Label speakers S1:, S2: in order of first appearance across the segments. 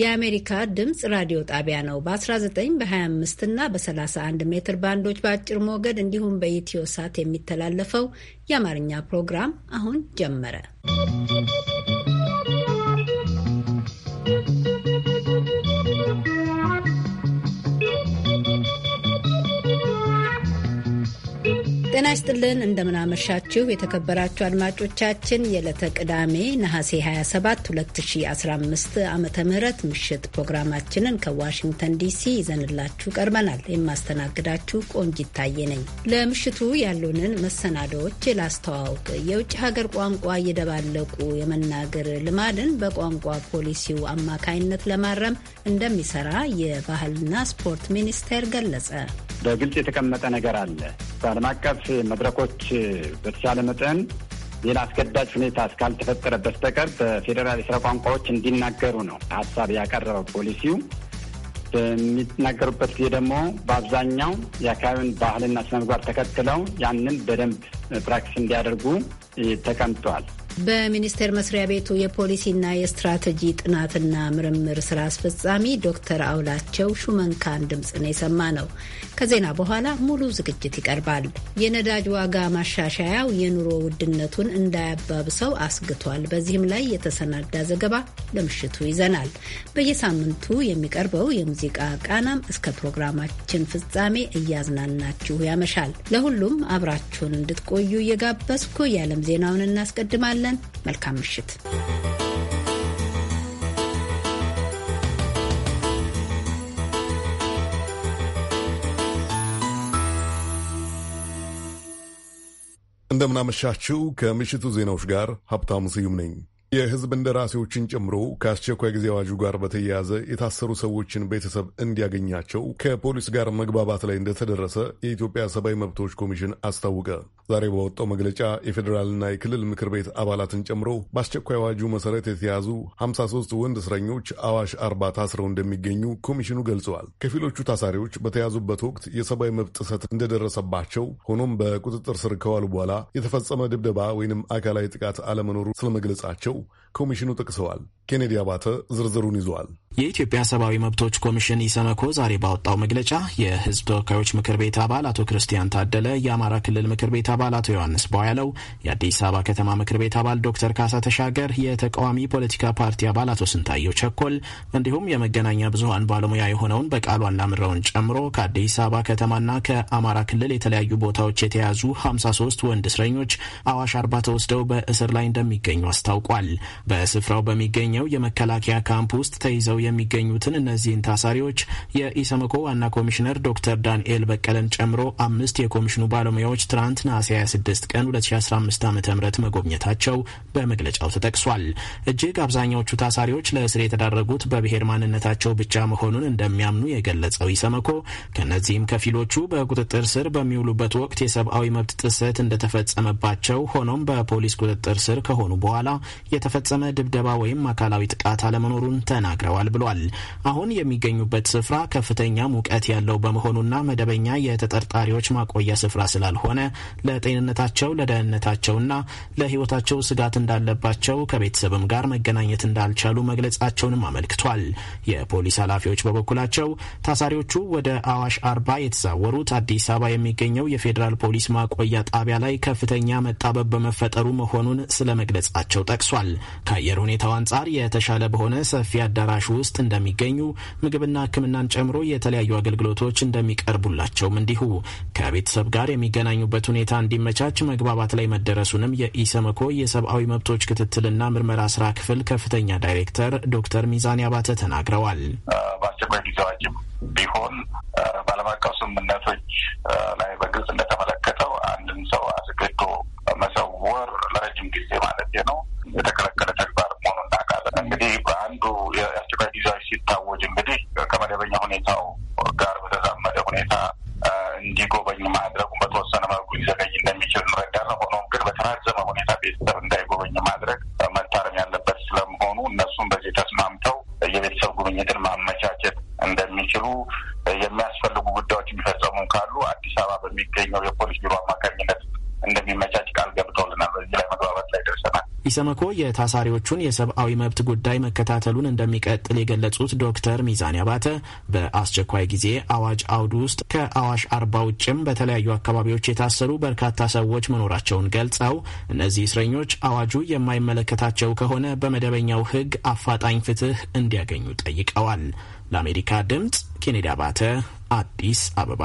S1: የአሜሪካ ድምፅ ራዲዮ ጣቢያ ነው። በ19 በ25 እና በ31 ሜትር ባንዶች በአጭር ሞገድ እንዲሁም በኢትዮ ሳት የሚተላለፈው የአማርኛ ፕሮግራም አሁን ጀመረ። ጤና ይስጥልን እንደምናመሻችሁ የተከበራችሁ አድማጮቻችን የዕለተ ቅዳሜ ነሐሴ 27 2015 ዓ ም ምሽት ፕሮግራማችንን ከዋሽንግተን ዲሲ ይዘንላችሁ ቀርበናል። የማስተናግዳችሁ ቆንጅ ይታየ። ነኝ። ለምሽቱ ያሉንን መሰናዶዎች ላስተዋውቅ። የውጭ ሀገር ቋንቋ እየደባለቁ የመናገር ልማድን በቋንቋ ፖሊሲው አማካይነት ለማረም እንደሚሰራ የባህልና ስፖርት ሚኒስቴር ገለጸ።
S2: በግልጽ የተቀመጠ ነገር አለ። በዓለም አቀፍ የውይይት መድረኮች በተቻለ መጠን ሌላ አስገዳጅ ሁኔታ እስካልተፈጠረ በስተቀር በፌዴራል የስራ ቋንቋዎች እንዲናገሩ ነው ሀሳብ ያቀረበው ፖሊሲው። በሚናገሩበት ጊዜ ደግሞ በአብዛኛው የአካባቢውን ባህልና ስነምግባር ተከትለው ያንን በደንብ ፕራክቲስ እንዲያደርጉ ተቀምጧል።
S1: በሚኒስቴር መስሪያ ቤቱ የፖሊሲና የስትራቴጂ ጥናትና ምርምር ስራ አስፈጻሚ ዶክተር አውላቸው ሹመንካን ድምፅ ነው የሰማ ነው። ከዜና በኋላ ሙሉ ዝግጅት ይቀርባል። የነዳጅ ዋጋ ማሻሻያው የኑሮ ውድነቱን እንዳያባብሰው አስግቷል። በዚህም ላይ የተሰናዳ ዘገባ ለምሽቱ ይዘናል። በየሳምንቱ የሚቀርበው የሙዚቃ ቃናም እስከ ፕሮግራማችን ፍጻሜ እያዝናናችሁ ያመሻል። ለሁሉም አብራችሁን እንድትቆዩ እየጋበዝኩ የዓለም ዜናውን እናስቀድማለን። ነን። መልካም ምሽት።
S3: እንደምናመሻችው ከምሽቱ ዜናዎች ጋር ሀብታሙ ስዩም ነኝ። የህዝብ እንደራሴዎችን ጨምሮ ከአስቸኳይ ጊዜ አዋጁ ጋር በተያያዘ የታሰሩ ሰዎችን ቤተሰብ እንዲያገኛቸው ከፖሊስ ጋር መግባባት ላይ እንደተደረሰ የኢትዮጵያ ሰብአዊ መብቶች ኮሚሽን አስታወቀ። ዛሬ በወጣው መግለጫ የፌዴራልና የክልል ምክር ቤት አባላትን ጨምሮ በአስቸኳይ አዋጁ መሰረት የተያዙ 53 ወንድ እስረኞች አዋሽ አርባ ታስረው እንደሚገኙ ኮሚሽኑ ገልጸዋል። ከፊሎቹ ታሳሪዎች በተያዙበት ወቅት የሰብአዊ መብት ጥሰት እንደደረሰባቸው፣ ሆኖም በቁጥጥር ስር ከዋሉ በኋላ የተፈጸመ ድብደባ ወይንም አካላዊ ጥቃት አለመኖሩ ስለመግለጻቸው fou ኮሚሽኑ ጠቅሰዋል። ኬኔዲ አባተ ዝርዝሩን ይዘዋል።
S4: የኢትዮጵያ ሰብአዊ መብቶች ኮሚሽን ኢሰመኮ ዛሬ ባወጣው መግለጫ የሕዝብ ተወካዮች ምክር ቤት አባል አቶ ክርስቲያን ታደለ፣ የአማራ ክልል ምክር ቤት አባል አቶ ዮሐንስ ቧያለው፣ የአዲስ አበባ ከተማ ምክር ቤት አባል ዶክተር ካሳ ተሻገር፣ የተቃዋሚ ፖለቲካ ፓርቲ አባል አቶ ስንታየው ቸኮል እንዲሁም የመገናኛ ብዙሀን ባለሙያ የሆነውን በቃሉ አላምረውን ጨምሮ ከአዲስ አበባ ከተማና ከአማራ ክልል የተለያዩ ቦታዎች የተያዙ 53 ወንድ እስረኞች አዋሽ አርባ ተወስደው በእስር ላይ እንደሚገኙ አስታውቋል። በስፍራው በሚገኘው የመከላከያ ካምፕ ውስጥ ተይዘው የሚገኙትን እነዚህን ታሳሪዎች የኢሰመኮ ዋና ኮሚሽነር ዶክተር ዳንኤል በቀለን ጨምሮ አምስት የኮሚሽኑ ባለሙያዎች ትናንት ነሐሴ 26 ቀን 2015 ዓ ም መጎብኘታቸው በመግለጫው ተጠቅሷል። እጅግ አብዛኛዎቹ ታሳሪዎች ለእስር የተዳረጉት በብሔር ማንነታቸው ብቻ መሆኑን እንደሚያምኑ የገለጸው ኢሰመኮ ከእነዚህም ከፊሎቹ በቁጥጥር ስር በሚውሉበት ወቅት የሰብአዊ መብት ጥሰት እንደተፈጸመባቸው ሆኖም በፖሊስ ቁጥጥር ስር ከሆኑ በኋላ የተፈ የተፈጸመ ድብደባ ወይም አካላዊ ጥቃት አለመኖሩን ተናግረዋል ብሏል። አሁን የሚገኙበት ስፍራ ከፍተኛ ሙቀት ያለው በመሆኑና መደበኛ የተጠርጣሪዎች ማቆያ ስፍራ ስላልሆነ ለጤንነታቸው፣ ለደህንነታቸውና ለሕይወታቸው ስጋት እንዳለባቸው ከቤተሰብም ጋር መገናኘት እንዳልቻሉ መግለጻቸውንም አመልክቷል። የፖሊስ ኃላፊዎች በበኩላቸው ታሳሪዎቹ ወደ አዋሽ አርባ የተዛወሩት አዲስ አበባ የሚገኘው የፌዴራል ፖሊስ ማቆያ ጣቢያ ላይ ከፍተኛ መጣበብ በመፈጠሩ መሆኑን ስለመግለጻቸው ጠቅሷል። ከአየር ሁኔታው አንጻር የተሻለ በሆነ ሰፊ አዳራሽ ውስጥ እንደሚገኙ ምግብና ሕክምናን ጨምሮ የተለያዩ አገልግሎቶች እንደሚቀርቡላቸውም እንዲሁ ከቤተሰብ ጋር የሚገናኙበት ሁኔታ እንዲመቻች መግባባት ላይ መደረሱንም የኢሰመኮ የሰብአዊ መብቶች ክትትልና ምርመራ ስራ ክፍል ከፍተኛ ዳይሬክተር ዶክተር ሚዛኔ አባተ ተናግረዋል። በአስቸኳይ ጊዜ አዋጅም
S5: ቢሆን በዓለም አቀፍ
S6: ስምምነቶች ላይ በግልጽ እንደተመለከተው አንድን ሰው አስገድዶ መሰወር ለረጅም ጊዜ ማለት ነው የተከለከለ ተግባር መሆኑን እናውቃለን። እንግዲህ በአንዱ የአስቸኳይ ጊዜ ሲታወጅ እንግዲህ ከመደበኛ
S5: ሁኔታው ጋር በተዛመደ ሁኔታ እንዲጎበኝ ማድረጉ በተወሰነ መልኩ ሊዘገይ እንደሚችል እንረዳለን። ሆኖም ግን በተራዘመ ሁኔታ ቤተሰብ እንዳይጎበኝ ማድረግ መታረም ያለበት ስለመሆኑ እነሱም በዚህ ተስማምተው የቤተሰብ ጉብኝትን ማመቻቸት እንደሚችሉ የሚያስፈልጉ ጉዳዮች የሚፈጸሙ ካሉ አዲስ አበባ በሚገኘው የፖሊስ ቢሮ አማካኝነት እንደሚመቻች ቃል ገብተውልናል።
S4: በዚህ ላይ መግባባት ላይ ደርሰናል። ኢሰመኮ የታሳሪዎቹን የሰብአዊ መብት ጉዳይ መከታተሉን እንደሚቀጥል የገለጹት ዶክተር ሚዛን አባተ በአስቸኳይ ጊዜ አዋጅ አውድ ውስጥ ከአዋሽ አርባ ውጭም በተለያዩ አካባቢዎች የታሰሩ በርካታ ሰዎች መኖራቸውን ገልጸው እነዚህ እስረኞች አዋጁ የማይመለከታቸው ከሆነ በመደበኛው ሕግ አፋጣኝ ፍትህ እንዲያገኙ ጠይቀዋል። ለአሜሪካ ድምፅ ኬኔዲ አባተ አዲስ አበባ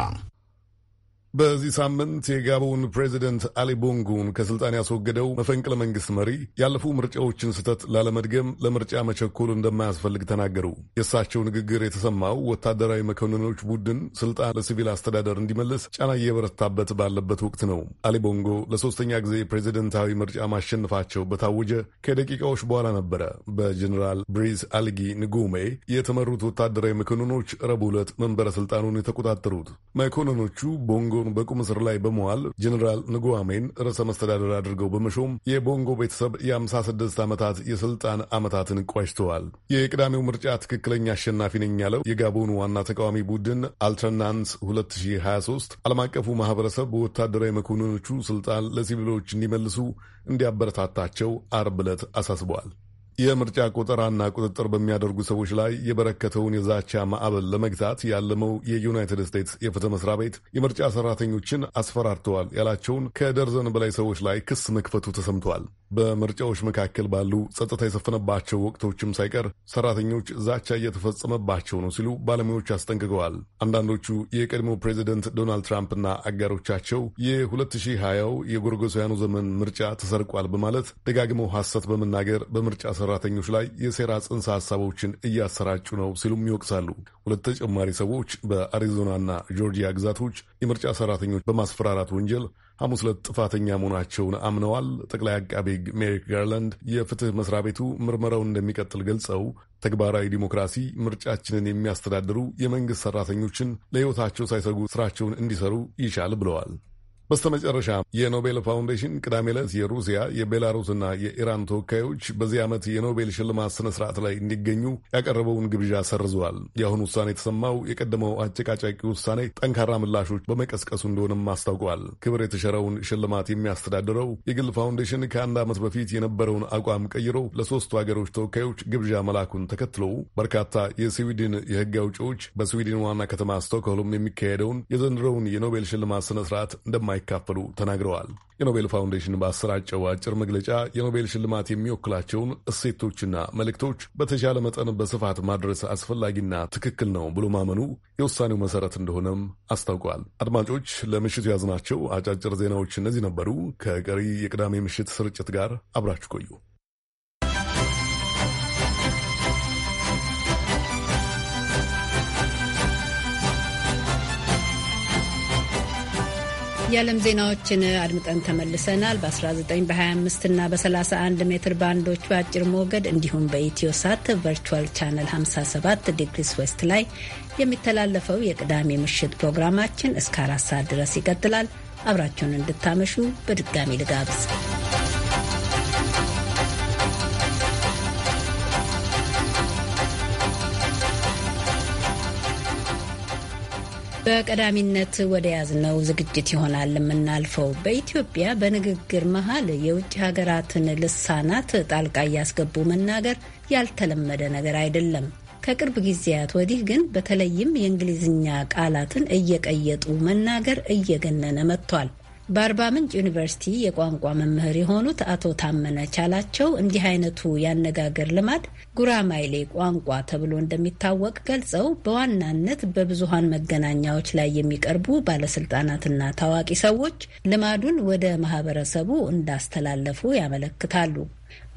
S3: በዚህ ሳምንት የጋቦን ፕሬዚደንት አሊ ቦንጉን ከስልጣን ያስወገደው መፈንቅለ መንግስት መሪ ያለፉ ምርጫዎችን ስህተት ላለመድገም ለምርጫ መቸኮል እንደማያስፈልግ ተናገሩ። የእሳቸው ንግግር የተሰማው ወታደራዊ መኮንኖች ቡድን ስልጣን ለሲቪል አስተዳደር እንዲመለስ ጫና እየበረታበት ባለበት ወቅት ነው። አሊ ቦንጎ ለሶስተኛ ጊዜ ፕሬዚደንታዊ ምርጫ ማሸነፋቸው በታወጀ ከደቂቃዎች በኋላ ነበረ በጀኔራል ብሪዝ አልጊ ንጉሜ የተመሩት ወታደራዊ መኮንኖች ረቡዕ ዕለት መንበረ ስልጣኑን የተቆጣጠሩት። መኮንኖቹ ቦንጎ እሳቸውን በቁም እስር ላይ በመዋል ጀኔራል ንጉዋሜን ርዕሰ መስተዳደር አድርገው በመሾም የቦንጎ ቤተሰብ የ56 ዓመታት የስልጣን ዓመታትን ቋጭተዋል። የቅዳሜው ምርጫ ትክክለኛ አሸናፊ ነኝ ያለው የጋቦኑ ዋና ተቃዋሚ ቡድን አልተርናንስ 2023 ዓለም አቀፉ ማህበረሰብ በወታደራዊ መኮንኖቹ ስልጣን ለሲቪሎች እንዲመልሱ እንዲያበረታታቸው አርብ ዕለት አሳስበዋል። የምርጫ ቆጠራና ቁጥጥር በሚያደርጉ ሰዎች ላይ የበረከተውን የዛቻ ማዕበል ለመግታት ያለመው የዩናይትድ ስቴትስ የፍትህ መስሪያ ቤት የምርጫ ሰራተኞችን አስፈራርተዋል ያላቸውን ከደርዘን በላይ ሰዎች ላይ ክስ መክፈቱ ተሰምተዋል። በምርጫዎች መካከል ባሉ ጸጥታ የሰፈነባቸው ወቅቶችም ሳይቀር ሰራተኞች ዛቻ እየተፈጸመባቸው ነው ሲሉ ባለሙያዎች አስጠንቅቀዋል። አንዳንዶቹ የቀድሞ ፕሬዚደንት ዶናልድ ትራምፕና አጋሮቻቸው የ2020 የጎርጎሳውያኑ ዘመን ምርጫ ተሰርቋል በማለት ደጋግመው ሐሰት በመናገር በምርጫ ሰራተኞች ላይ የሴራ ጽንሰ ሐሳቦችን እያሰራጩ ነው ሲሉም ይወቅሳሉ። ሁለት ተጨማሪ ሰዎች በአሪዞናና ጆርጂያ ግዛቶች የምርጫ ሰራተኞች በማስፈራራት ወንጀል ሐሙስ ዕለት ጥፋተኛ መሆናቸውን አምነዋል። ጠቅላይ አቃቤ ሕግ ሜሪክ ጋርላንድ የፍትህ መስሪያ ቤቱ ምርመራውን እንደሚቀጥል ገልጸው ተግባራዊ ዲሞክራሲ ምርጫችንን የሚያስተዳድሩ የመንግሥት ሠራተኞችን ለሕይወታቸው ሳይሰጉ ሥራቸውን እንዲሰሩ ይሻል ብለዋል። በስተመጨረሻ የኖቤል ፋውንዴሽን ቅዳሜ ዕለት የሩሲያ የቤላሩስና የኢራን ተወካዮች በዚህ ዓመት የኖቤል ሽልማት ስነ ስርዓት ላይ እንዲገኙ ያቀረበውን ግብዣ ሰርዘዋል። የአሁኑ ውሳኔ የተሰማው የቀደመው አጨቃጫቂ ውሳኔ ጠንካራ ምላሾች በመቀስቀሱ እንደሆነም አስታውቀዋል። ክብር የተሸረውን ሽልማት የሚያስተዳድረው የግል ፋውንዴሽን ከአንድ ዓመት በፊት የነበረውን አቋም ቀይሮ ለሦስቱ ሀገሮች ተወካዮች ግብዣ መላኩን ተከትሎ በርካታ የስዊድን የህግ አውጪዎች በስዊድን ዋና ከተማ ስቶክሆልም የሚካሄደውን የዘንድሮውን የኖቤል ሽልማት ስነ ስርዓት እንደማ እንደማይካፈሉ ተናግረዋል። የኖቤል ፋውንዴሽን ባሰራጨው አጭር መግለጫ የኖቤል ሽልማት የሚወክላቸውን እሴቶችና መልእክቶች በተሻለ መጠን በስፋት ማድረስ አስፈላጊና ትክክል ነው ብሎ ማመኑ የውሳኔው መሰረት እንደሆነም አስታውቋል። አድማጮች፣ ለምሽቱ ያዝናቸው አጫጭር ዜናዎች እነዚህ ነበሩ። ከቀሪ የቅዳሜ ምሽት ስርጭት ጋር አብራችሁ ቆዩ።
S1: የዓለም ዜናዎችን አድምጠን ተመልሰናል። በ19 በ25 እና በ31 ሜትር ባንዶች በአጭር ሞገድ እንዲሁም በኢትዮ ሳት ቨርቹዋል ቻነል 57 ዲግሪስ ዌስት ላይ የሚተላለፈው የቅዳሜ ምሽት ፕሮግራማችን እስከ አራት ሰዓት ድረስ ይቀጥላል። አብራችሁን እንድታመሹ በድጋሚ ልጋብዝ። በቀዳሚነት ወደ ያዝነው ዝግጅት ይሆናል የምናልፈው። በኢትዮጵያ በንግግር መሀል የውጭ ሀገራትን ልሳናት ጣልቃ እያስገቡ መናገር ያልተለመደ ነገር አይደለም። ከቅርብ ጊዜያት ወዲህ ግን በተለይም የእንግሊዝኛ ቃላትን እየቀየጡ መናገር እየገነነ መጥቷል። በአርባ ምንጭ ዩኒቨርሲቲ የቋንቋ መምህር የሆኑት አቶ ታመነ ቻላቸው እንዲህ አይነቱ ያነጋገር ልማድ ጉራማይሌ ቋንቋ ተብሎ እንደሚታወቅ ገልጸው በዋናነት በብዙሀን መገናኛዎች ላይ የሚቀርቡ ባለስልጣናትና ታዋቂ ሰዎች ልማዱን ወደ ማህበረሰቡ እንዳስተላለፉ ያመለክታሉ።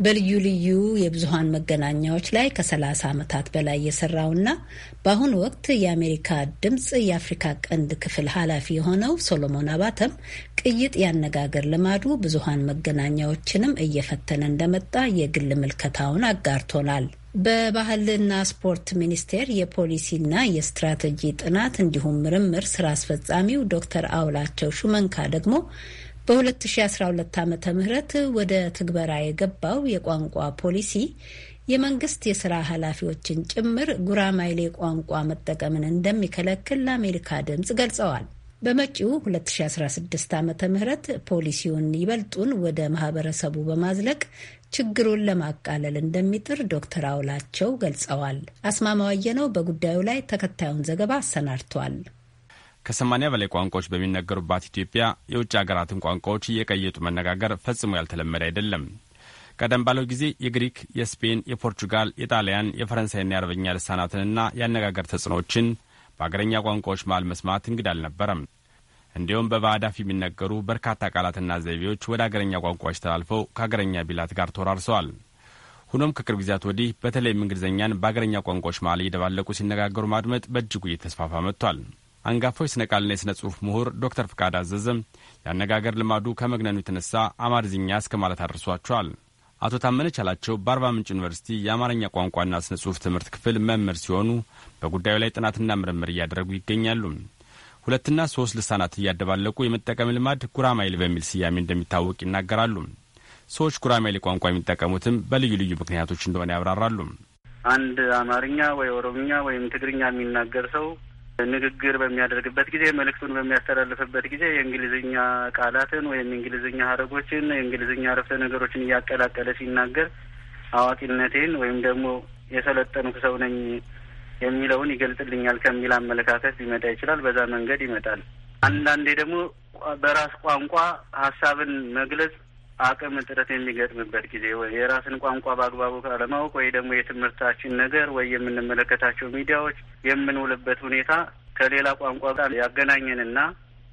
S1: በልዩ ልዩ የብዙሀን መገናኛዎች ላይ ከ30 ዓመታት በላይ የሰራውና በአሁኑ ወቅት የአሜሪካ ድምፅ የአፍሪካ ቀንድ ክፍል ኃላፊ የሆነው ሶሎሞን አባተም ቅይጥ ያነጋገር ልማዱ ብዙሀን መገናኛዎችንም እየፈተነ እንደመጣ የግል ምልከታውን አጋርቶናል። በባህልና ስፖርት ሚኒስቴር የፖሊሲና የስትራቴጂ ጥናት እንዲሁም ምርምር ስራ አስፈጻሚው ዶክተር አውላቸው ሹመንካ ደግሞ በ2012 ዓ ም ወደ ትግበራ የገባው የቋንቋ ፖሊሲ የመንግስት የስራ ኃላፊዎችን ጭምር ጉራማይሌ ቋንቋ መጠቀምን እንደሚከለክል ለአሜሪካ ድምፅ ገልጸዋል። በመጪው 2016 ዓ ም ፖሊሲውን ይበልጡን ወደ ማህበረሰቡ በማዝለቅ ችግሩን ለማቃለል እንደሚጥር ዶክተር አውላቸው ገልጸዋል። አስማማ ወየነው በጉዳዩ ላይ ተከታዩን ዘገባ አሰናድቷል።
S7: ከሰማኒያ በላይ ቋንቋዎች በሚነገሩባት ኢትዮጵያ የውጭ ሀገራትን ቋንቋዎች እየቀየጡ መነጋገር ፈጽሞ ያልተለመደ አይደለም። ቀደም ባለው ጊዜ የግሪክ፣ የስፔን፣ የፖርቹጋል፣ የጣሊያን፣ የፈረንሳይና የአርበኛ ልሳናትንና የአነጋገር ተጽዕኖዎችን በአገረኛ ቋንቋዎች መሃል መስማት እንግዳ አልነበረም። እንዲሁም በባዕዳፍ የሚነገሩ በርካታ ቃላትና ዘይቤዎች ወደ አገረኛ ቋንቋዎች ተላልፈው ከአገረኛ ቢላት ጋር ተወራርሰዋል። ሆኖም ከቅርብ ጊዜያት ወዲህ በተለይም እንግሊዝኛን በአገረኛ ቋንቋዎች መሃል እየደባለቁ ሲነጋገሩ ማድመጥ በእጅጉ እየተስፋፋ መጥቷል። አንጋፋው ስነ ቃልና የሥነ ጽሑፍ ምሁር ዶክተር ፍቃድ አዘዘም የአነጋገር ልማዱ ከመግነኑ የተነሳ አማርዝኛ እስከ ማለት አድርሷቸዋል። አቶ ታመነ ቻላቸው በአርባ ምንጭ ዩኒቨርሲቲ የአማርኛ ቋንቋና ስነ ጽሑፍ ትምህርት ክፍል መምህር ሲሆኑ በጉዳዩ ላይ ጥናትና ምርምር እያደረጉ ይገኛሉ። ሁለትና ሶስት ልሳናት እያደባለቁ የመጠቀም ልማድ ጉራማይል በሚል ስያሜ እንደሚታወቅ ይናገራሉ። ሰዎች ጉራማይል ቋንቋ የሚጠቀሙትም በልዩ ልዩ ምክንያቶች እንደሆነ ያብራራሉ።
S2: አንድ
S8: አማርኛ ወይ ኦሮምኛ ወይም ትግርኛ የሚናገር ሰው ንግግር በሚያደርግበት ጊዜ፣ መልእክቱን በሚያስተላልፍበት ጊዜ የእንግሊዝኛ ቃላትን ወይም የእንግሊዝኛ ሀረጎችን የእንግሊዝኛ አረፍተ ነገሮችን እያቀላቀለ ሲናገር አዋቂነቴን ወይም ደግሞ የሰለጠንኩ ሰው ነኝ የሚለውን ይገልጽልኛል ከሚል አመለካከት ሊመጣ ይችላል። በዛ መንገድ ይመጣል። አንዳንዴ ደግሞ በራስ ቋንቋ ሀሳብን መግለጽ አቅም እጥረት የሚገጥምበት ጊዜ ወይ የራስን ቋንቋ በአግባቡ ካለማወቅ ወይ ደግሞ የትምህርታችን ነገር ወይ የምንመለከታቸው ሚዲያዎች የምንውልበት ሁኔታ ከሌላ ቋንቋ ጋር ያገናኘንና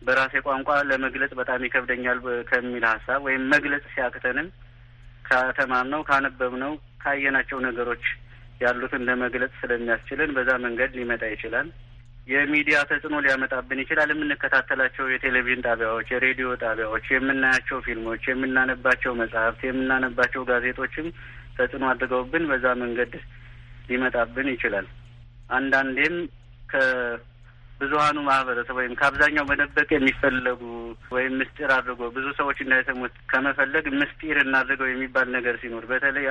S8: በራሴ ቋንቋ ለመግለጽ በጣም ይከብደኛል ከሚል ሀሳብ ወይም መግለጽ ሲያቅተንም ከተማርነው፣ ካነበብነው፣ ካየናቸው ነገሮች ያሉትን ለመግለጽ ስለሚያስችልን በዛ መንገድ ሊመጣ ይችላል። የሚዲያ ተጽዕኖ ሊያመጣብን ይችላል። የምንከታተላቸው የቴሌቪዥን ጣቢያዎች፣ የሬዲዮ ጣቢያዎች፣ የምናያቸው ፊልሞች፣ የምናነባቸው መጽሐፍት፣ የምናነባቸው ጋዜጦችም ተጽዕኖ አድርገውብን በዛ መንገድ ሊመጣብን ይችላል። አንዳንዴም ከብዙሀኑ ማህበረሰብ ወይም ከአብዛኛው መደበቅ የሚፈለጉ ወይም ምስጢር አድርጎ ብዙ ሰዎች እንዳይሰሙት ከመፈለግ ምስጢር እናድርገው የሚባል ነገር ሲኖር በተለይ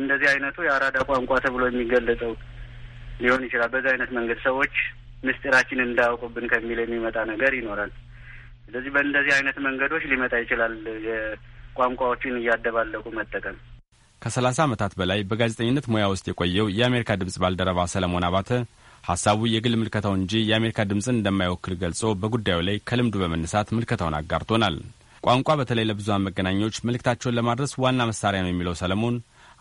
S8: እንደዚህ አይነቱ የአራዳ ቋንቋ ተብሎ የሚገለጸው ሊሆን ይችላል። በዚህ አይነት መንገድ ሰዎች ምስጢራችን እንዳያውቁብን ከሚል የሚመጣ ነገር ይኖራል። ስለዚህ በእንደዚህ አይነት መንገዶች ሊመጣ ይችላል የቋንቋዎችን እያደባለቁ መጠቀም።
S7: ከሰላሳ ዓመታት በላይ በጋዜጠኝነት ሙያ ውስጥ የቆየው የአሜሪካ ድምፅ ባልደረባ ሰለሞን አባተ ሀሳቡ የግል ምልከታው እንጂ የአሜሪካ ድምፅን እንደማይወክል ገልጾ በጉዳዩ ላይ ከልምዱ በመነሳት ምልከታውን አጋርቶናል። ቋንቋ በተለይ ለብዙሃን መገናኛዎች መልእክታቸውን ለማድረስ ዋና መሳሪያ ነው የሚለው ሰለሞን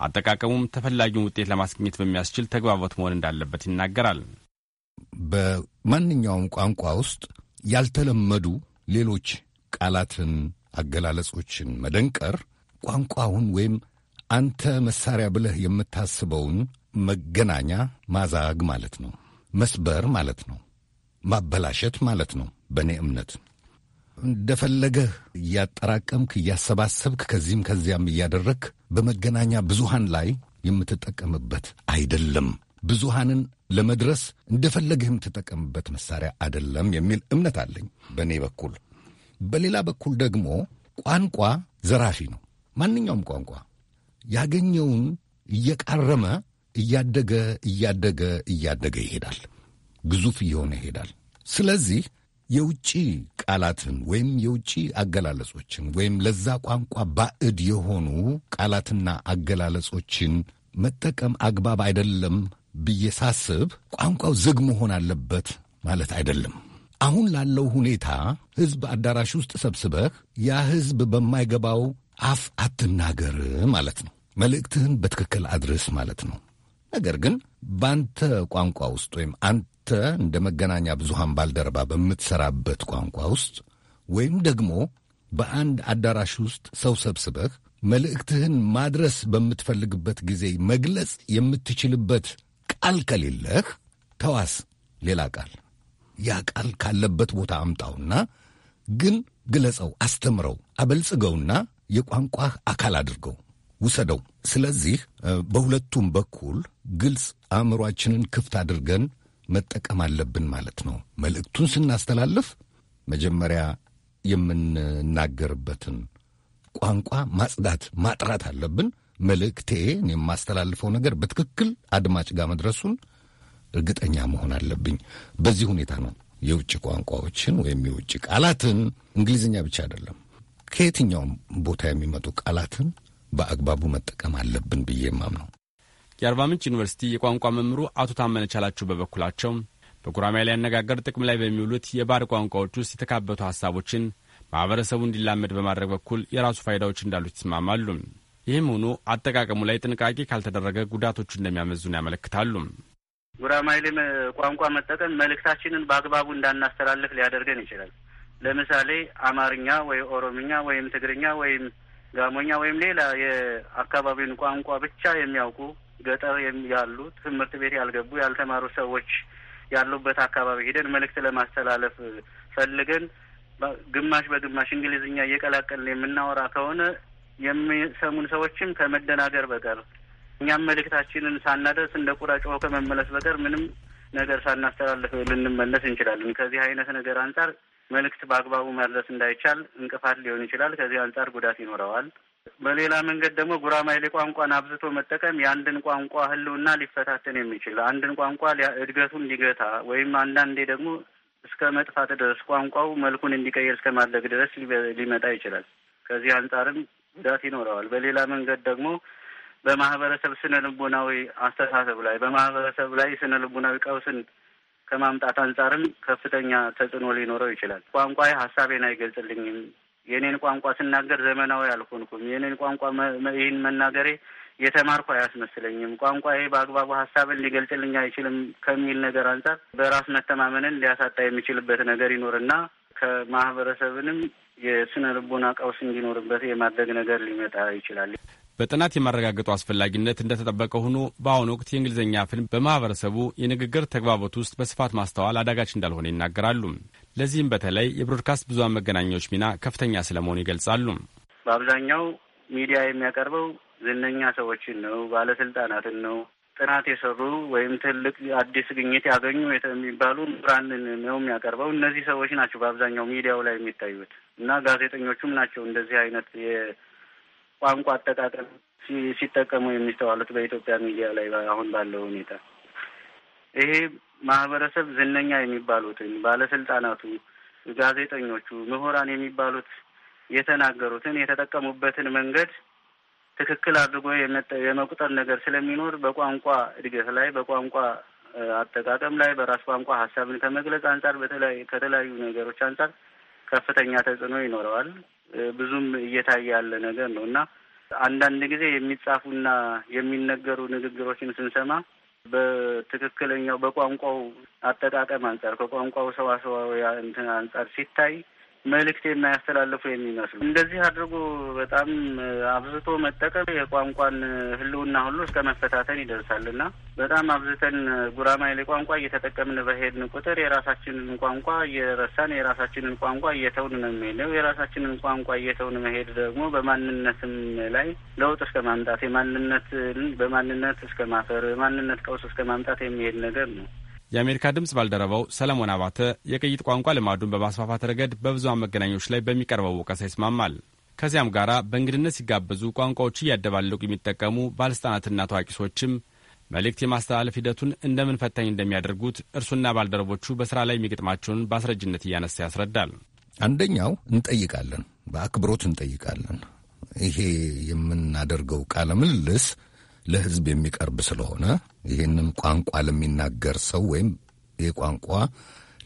S7: አጠቃቀሙም ተፈላጊውን ውጤት ለማስገኘት በሚያስችል ተግባቦት መሆን እንዳለበት ይናገራል።
S9: በማንኛውም ቋንቋ ውስጥ ያልተለመዱ ሌሎች ቃላትን፣ አገላለጾችን መደንቀር ቋንቋውን ወይም አንተ መሳሪያ ብለህ የምታስበውን መገናኛ ማዛግ ማለት ነው። መስበር ማለት ነው። ማበላሸት ማለት ነው። በእኔ እምነት እንደፈለገህ እያጠራቀምክ እያሰባሰብክ ከዚህም ከዚያም እያደረግክ በመገናኛ ብዙሃን ላይ የምትጠቀምበት አይደለም ብዙሃንን ለመድረስ እንደፈለግህም ተጠቀምበት መሳሪያ አይደለም የሚል እምነት አለኝ በእኔ በኩል። በሌላ በኩል ደግሞ ቋንቋ ዘራፊ ነው። ማንኛውም ቋንቋ ያገኘውን እየቃረመ እያደገ እያደገ እያደገ ይሄዳል፣ ግዙፍ እየሆነ ይሄዳል። ስለዚህ የውጭ ቃላትን ወይም የውጭ አገላለጾችን ወይም ለዛ ቋንቋ ባዕድ የሆኑ ቃላትና አገላለጾችን መጠቀም አግባብ አይደለም ብዬ ሳስብ ቋንቋው ዝግ መሆን አለበት ማለት አይደለም። አሁን ላለው ሁኔታ ህዝብ አዳራሽ ውስጥ ሰብስበህ ያ ህዝብ በማይገባው አፍ አትናገር ማለት ነው። መልእክትህን በትክክል አድርስ ማለት ነው። ነገር ግን በአንተ ቋንቋ ውስጥ ወይም አንተ እንደ መገናኛ ብዙሃን ባልደረባ በምትሰራበት ቋንቋ ውስጥ ወይም ደግሞ በአንድ አዳራሽ ውስጥ ሰው ሰብስበህ መልእክትህን ማድረስ በምትፈልግበት ጊዜ መግለጽ የምትችልበት ቃል ከሌለህ ተዋስ ሌላ ቃል ያ ቃል ካለበት ቦታ አምጣውና ግን ግለጸው፣ አስተምረው፣ አበልጽገውና የቋንቋህ አካል አድርገው ውሰደው። ስለዚህ በሁለቱም በኩል ግልጽ አእምሯችንን ክፍት አድርገን መጠቀም አለብን ማለት ነው። መልእክቱን ስናስተላልፍ መጀመሪያ የምንናገርበትን ቋንቋ ማጽዳት፣ ማጥራት አለብን። መልእክቴ የማስተላልፈው ነገር በትክክል አድማጭ ጋር መድረሱን እርግጠኛ መሆን አለብኝ። በዚህ ሁኔታ ነው የውጭ ቋንቋዎችን ወይም የውጭ ቃላትን እንግሊዝኛ ብቻ አይደለም ከየትኛውም ቦታ የሚመጡ ቃላትን በአግባቡ መጠቀም አለብን ብዬ ማምነው።
S7: የአርባ ምንጭ ዩኒቨርሲቲ የቋንቋ መምህሩ አቶ ታመነ ቻላችሁ በበኩላቸው በጉራማይ ላይ ጥቅም ላይ በሚውሉት የባህር ቋንቋዎች ውስጥ የተካበቱ ሀሳቦችን ማህበረሰቡ እንዲላመድ በማድረግ በኩል የራሱ ፋይዳዎች እንዳሉት ይስማማሉ። ይህም ሆኖ አጠቃቀሙ ላይ ጥንቃቄ ካልተደረገ ጉዳቶቹ እንደሚያመዝኑ ያመለክታሉ።
S8: ጉራማይሌም ቋንቋ መጠቀም መልእክታችንን በአግባቡ እንዳናስተላልፍ ሊያደርገን ይችላል። ለምሳሌ አማርኛ ወይ ኦሮምኛ ወይም ትግርኛ ወይም ጋሞኛ ወይም ሌላ የአካባቢውን ቋንቋ ብቻ የሚያውቁ ገጠር ያሉ ትምህርት ቤት ያልገቡ ያልተማሩ ሰዎች ያሉበት አካባቢ ሄደን መልእክት ለማስተላለፍ ፈልገን ግማሽ በግማሽ እንግሊዝኛ እየቀላቀልን የምናወራ ከሆነ የሚሰሙን ሰዎችም ከመደናገር በቀር እኛም መልእክታችንን ሳናደርስ እንደ ቁራ ጮኸ ከመመለስ በቀር ምንም ነገር ሳናስተላልፍ ልንመለስ እንችላለን። ከዚህ አይነት ነገር አንጻር መልእክት በአግባቡ ማድረስ እንዳይቻል እንቅፋት ሊሆን ይችላል። ከዚህ አንጻር ጉዳት ይኖረዋል። በሌላ መንገድ ደግሞ ጉራማይሌ ቋንቋን አብዝቶ መጠቀም የአንድን ቋንቋ ሕልውና ሊፈታተን የሚችል አንድን ቋንቋ እድገቱን ሊገታ ወይም አንዳንዴ ደግሞ እስከ መጥፋት ድረስ ቋንቋው መልኩን እንዲቀየር እስከ ማድረግ ድረስ ሊመጣ ይችላል። ከዚህ አንጻርም ጉዳት ይኖረዋል። በሌላ መንገድ ደግሞ በማህበረሰብ ስነ ልቦናዊ አስተሳሰብ ላይ በማህበረሰብ ላይ ስነ ልቦናዊ ቀውስን ከማምጣት አንጻርም ከፍተኛ ተጽዕኖ ሊኖረው ይችላል። ቋንቋ ሀሳቤን አይገልጽልኝም፣ የእኔን ቋንቋ ስናገር ዘመናዊ አልሆንኩም፣ የእኔን ቋንቋ ይህን መናገሬ የተማርኩ አያስመስለኝም፣ ቋንቋዬ በአግባቡ ሀሳብን ሊገልጽልኝ አይችልም ከሚል ነገር አንጻር በራስ መተማመንን ሊያሳጣ የሚችልበት ነገር ይኖርና ከማህበረሰብንም የስነ ልቦና ቀውስ እንዲኖርበት የማድረግ ነገር ሊመጣ ይችላል።
S7: በጥናት የማረጋገጡ አስፈላጊነት እንደተጠበቀ ሆኖ በአሁኑ ወቅት የእንግሊዝኛ ፊልም በማህበረሰቡ የንግግር ተግባቦት ውስጥ በስፋት ማስተዋል አዳጋች እንዳልሆነ ይናገራሉ። ለዚህም በተለይ የብሮድካስት ብዙሃን መገናኛዎች ሚና ከፍተኛ ስለመሆኑ ይገልጻሉ።
S8: በአብዛኛው ሚዲያ የሚያቀርበው ዝነኛ ሰዎችን ነው፣ ባለስልጣናትን ነው፣ ጥናት የሰሩ ወይም ትልቅ አዲስ ግኝት ያገኙ የሚባሉ ምሁራንን ነው የሚያቀርበው። እነዚህ ሰዎች ናቸው በአብዛኛው ሚዲያው ላይ የሚታዩት እና ጋዜጠኞቹም ናቸው እንደዚህ አይነት የቋንቋ አጠቃቀም ሲጠቀሙ የሚስተዋሉት በኢትዮጵያ ሚዲያ ላይ አሁን ባለው ሁኔታ። ይሄ ማህበረሰብ ዝነኛ የሚባሉትን ባለስልጣናቱ፣ ጋዜጠኞቹ፣ ምሁራን የሚባሉት የተናገሩትን የተጠቀሙበትን መንገድ ትክክል አድርጎ የመቁጠር ነገር ስለሚኖር በቋንቋ እድገት ላይ በቋንቋ አጠቃቀም ላይ በራስ ቋንቋ ሀሳብን ከመግለጽ አንጻር ከተለያዩ ነገሮች አንጻር ከፍተኛ ተጽዕኖ ይኖረዋል። ብዙም እየታየ ያለ ነገር ነው እና አንዳንድ ጊዜ የሚጻፉና የሚነገሩ ንግግሮችን ስንሰማ በትክክለኛው በቋንቋው አጠቃቀም አንጻር ከቋንቋው ሰዋሰዋዊ እንትን አንጻር ሲታይ መልእክቴ የማያስተላልፉ የሚመስሉ እንደዚህ አድርጎ በጣም አብዝቶ መጠቀም የቋንቋን ህልውና ሁሉ እስከ መፈታተን ይደርሳል እና በጣም አብዝተን ጉራማይሌ ቋንቋ እየተጠቀምን በሄድን ቁጥር የራሳችንን ቋንቋ እየረሳን የራሳችንን ቋንቋ እየተውን ነው የሚሄደው። የራሳችንን ቋንቋ እየተውን መሄድ ደግሞ በማንነትም ላይ ለውጥ እስከ ማምጣት የማንነትን በማንነት እስከ ማፈር የማንነት ቀውስ እስከ ማምጣት የሚሄድ ነገር ነው።
S7: የአሜሪካ ድምፅ ባልደረባው ሰለሞን አባተ የቅይጥ ቋንቋ ልማዱን በማስፋፋት ረገድ በብዙሃን መገናኞች ላይ በሚቀርበው ወቀሳ ይስማማል። ከዚያም ጋር በእንግድነት ሲጋበዙ ቋንቋዎች እያደባለቁ የሚጠቀሙ ባለሥልጣናትና ታዋቂ ሰዎችም መልእክት የማስተላለፍ ሂደቱን እንደምን ፈታኝ እንደሚያደርጉት እርሱና ባልደረቦቹ በሥራ ላይ የሚገጥማቸውን በአስረጅነት እያነሳ ያስረዳል።
S9: አንደኛው እንጠይቃለን፣ በአክብሮት እንጠይቃለን። ይሄ የምናደርገው ቃለ ምልልስ ለህዝብ የሚቀርብ ስለሆነ ይህንን ቋንቋ ለሚናገር ሰው ወይም ይህ ቋንቋ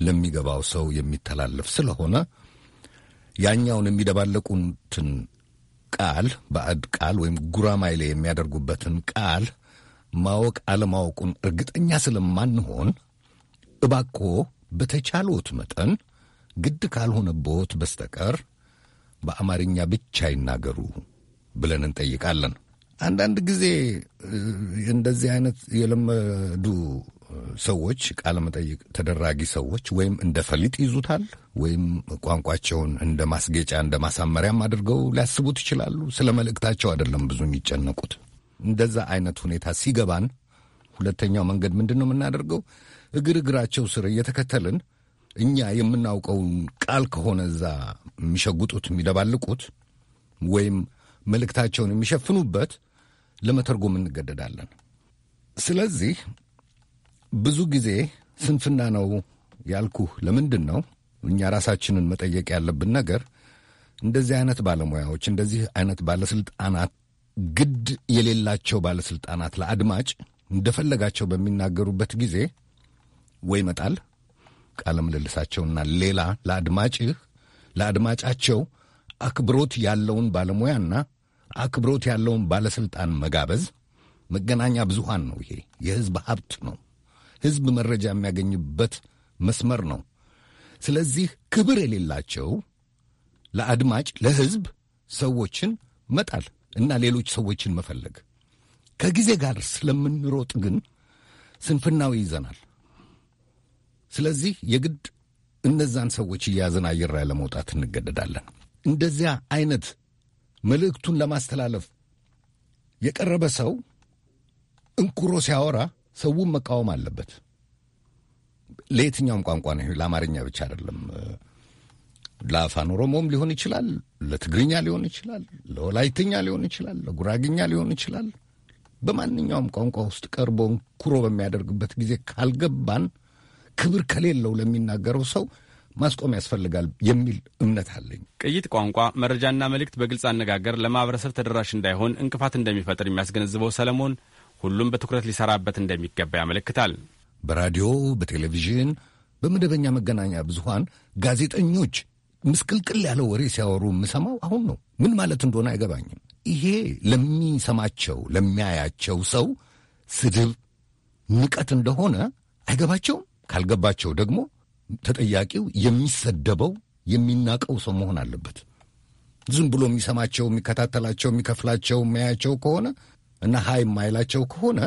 S9: ለሚገባው ሰው የሚተላለፍ ስለሆነ ያኛውን የሚደባለቁትን ቃል ባዕድ ቃል ወይም ጉራማይሌ የሚያደርጉበትን ቃል ማወቅ አለማወቁን እርግጠኛ ስለማንሆን እባክዎ በተቻሎት መጠን ግድ ካልሆነቦት በስተቀር በአማርኛ ብቻ ይናገሩ ብለን እንጠይቃለን። አንዳንድ ጊዜ እንደዚህ አይነት የለመዱ ሰዎች ቃለ መጠይቅ ተደራጊ ሰዎች ወይም እንደ ፈሊጥ ይዙታል ወይም ቋንቋቸውን እንደ ማስጌጫ እንደ ማሳመሪያም አድርገው ሊያስቡት ይችላሉ። ስለ መልእክታቸው አይደለም ብዙ የሚጨነቁት። እንደዛ አይነት ሁኔታ ሲገባን ሁለተኛው መንገድ ምንድን ነው የምናደርገው? እግር እግራቸው ስር እየተከተልን እኛ የምናውቀውን ቃል ከሆነ እዛ የሚሸጉጡት የሚደባልቁት ወይም መልእክታቸውን የሚሸፍኑበት ለመተርጎም እንገደዳለን። ስለዚህ ብዙ ጊዜ ስንፍና ነው ያልኩህ ለምንድን ነው እኛ ራሳችንን መጠየቅ ያለብን ነገር እንደዚህ አይነት ባለሙያዎች እንደዚህ አይነት ባለስልጣናት ግድ የሌላቸው ባለስልጣናት ለአድማጭ እንደፈለጋቸው በሚናገሩበት ጊዜ ወይ መጣል ቃለ ምልልሳቸውና ሌላ ለአድማጭህ ለአድማጫቸው አክብሮት ያለውን ባለሙያና አክብሮት ያለውን ባለሥልጣን መጋበዝ መገናኛ ብዙሃን ነው። ይሄ የሕዝብ ሀብት ነው። ሕዝብ መረጃ የሚያገኝበት መስመር ነው። ስለዚህ ክብር የሌላቸው ለአድማጭ ለሕዝብ ሰዎችን መጣል እና ሌሎች ሰዎችን መፈለግ ከጊዜ ጋር ስለምንሮጥ ግን ስንፍናዊ ይዘናል። ስለዚህ የግድ እነዛን ሰዎች እያዘን አየር ላይ ለመውጣት እንገደዳለን። እንደዚያ አይነት መልእክቱን ለማስተላለፍ የቀረበ ሰው እንኩሮ ሲያወራ ሰውን መቃወም አለበት። ለየትኛውም ቋንቋ ነው። ለአማርኛ ብቻ አይደለም። ለአፋን ኦሮሞም ሊሆን ይችላል፣ ለትግርኛ ሊሆን ይችላል፣ ለወላይተኛ ሊሆን ይችላል፣ ለጉራግኛ ሊሆን ይችላል። በማንኛውም ቋንቋ ውስጥ ቀርቦ እንኩሮ በሚያደርግበት ጊዜ ካልገባን ክብር ከሌለው ለሚናገረው ሰው ማስቆም ያስፈልጋል የሚል እምነት አለኝ።
S7: ቅይጥ ቋንቋ፣ መረጃና መልእክት በግልጽ አነጋገር ለማህበረሰብ ተደራሽ እንዳይሆን እንቅፋት እንደሚፈጥር የሚያስገነዝበው ሰለሞን ሁሉም በትኩረት ሊሰራበት እንደሚገባ ያመለክታል። በራዲዮ፣ በቴሌቪዥን፣
S9: በመደበኛ መገናኛ ብዙሃን ጋዜጠኞች ምስቅልቅል ያለው ወሬ ሲያወሩ የምሰማው አሁን ነው። ምን ማለት እንደሆነ አይገባኝም። ይሄ ለሚሰማቸው ለሚያያቸው ሰው ስድብ፣ ንቀት እንደሆነ አይገባቸውም። ካልገባቸው ደግሞ ተጠያቂው የሚሰደበው የሚናቀው ሰው መሆን አለበት። ዝም ብሎ የሚሰማቸው የሚከታተላቸው፣ የሚከፍላቸው፣ የሚያያቸው ከሆነ እና ሀይ የማይላቸው ከሆነ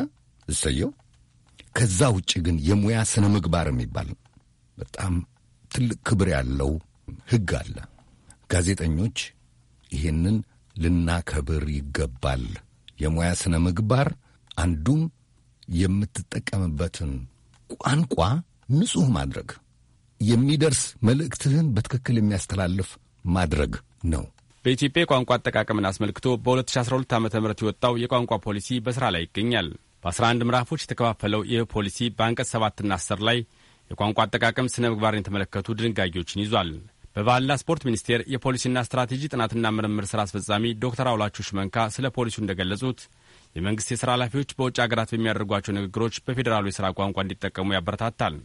S9: እሰየው። ከዛ ውጭ ግን የሙያ ስነ ምግባር የሚባል በጣም ትልቅ ክብር ያለው ሕግ አለ። ጋዜጠኞች ይሄንን ልናከብር ይገባል። የሙያ ስነ ምግባር አንዱም የምትጠቀምበትን ቋንቋ ንጹሕ ማድረግ የሚደርስ መልእክትህን በትክክል የሚያስተላልፍ ማድረግ ነው።
S7: በኢትዮጵያ የቋንቋ አጠቃቀምን አስመልክቶ በ2012 ዓ ም የወጣው የቋንቋ ፖሊሲ በሥራ ላይ ይገኛል። በ11 ምዕራፎች የተከፋፈለው ይህ ፖሊሲ በአንቀጽ 7ና 10 ላይ የቋንቋ አጠቃቀም ስነ ምግባርን የተመለከቱ ድንጋጌዎችን ይዟል። በባህልና ስፖርት ሚኒስቴር የፖሊሲና ስትራቴጂ ጥናትና ምርምር ሥራ አስፈጻሚ ዶክተር አውላችሁ ሽመንካ ስለ ፖሊሲው እንደገለጹት የመንግሥት የሥራ ኃላፊዎች በውጭ አገራት በሚያደርጓቸው ንግግሮች በፌዴራሉ የሥራ ቋንቋ እንዲጠቀሙ ያበረታታል።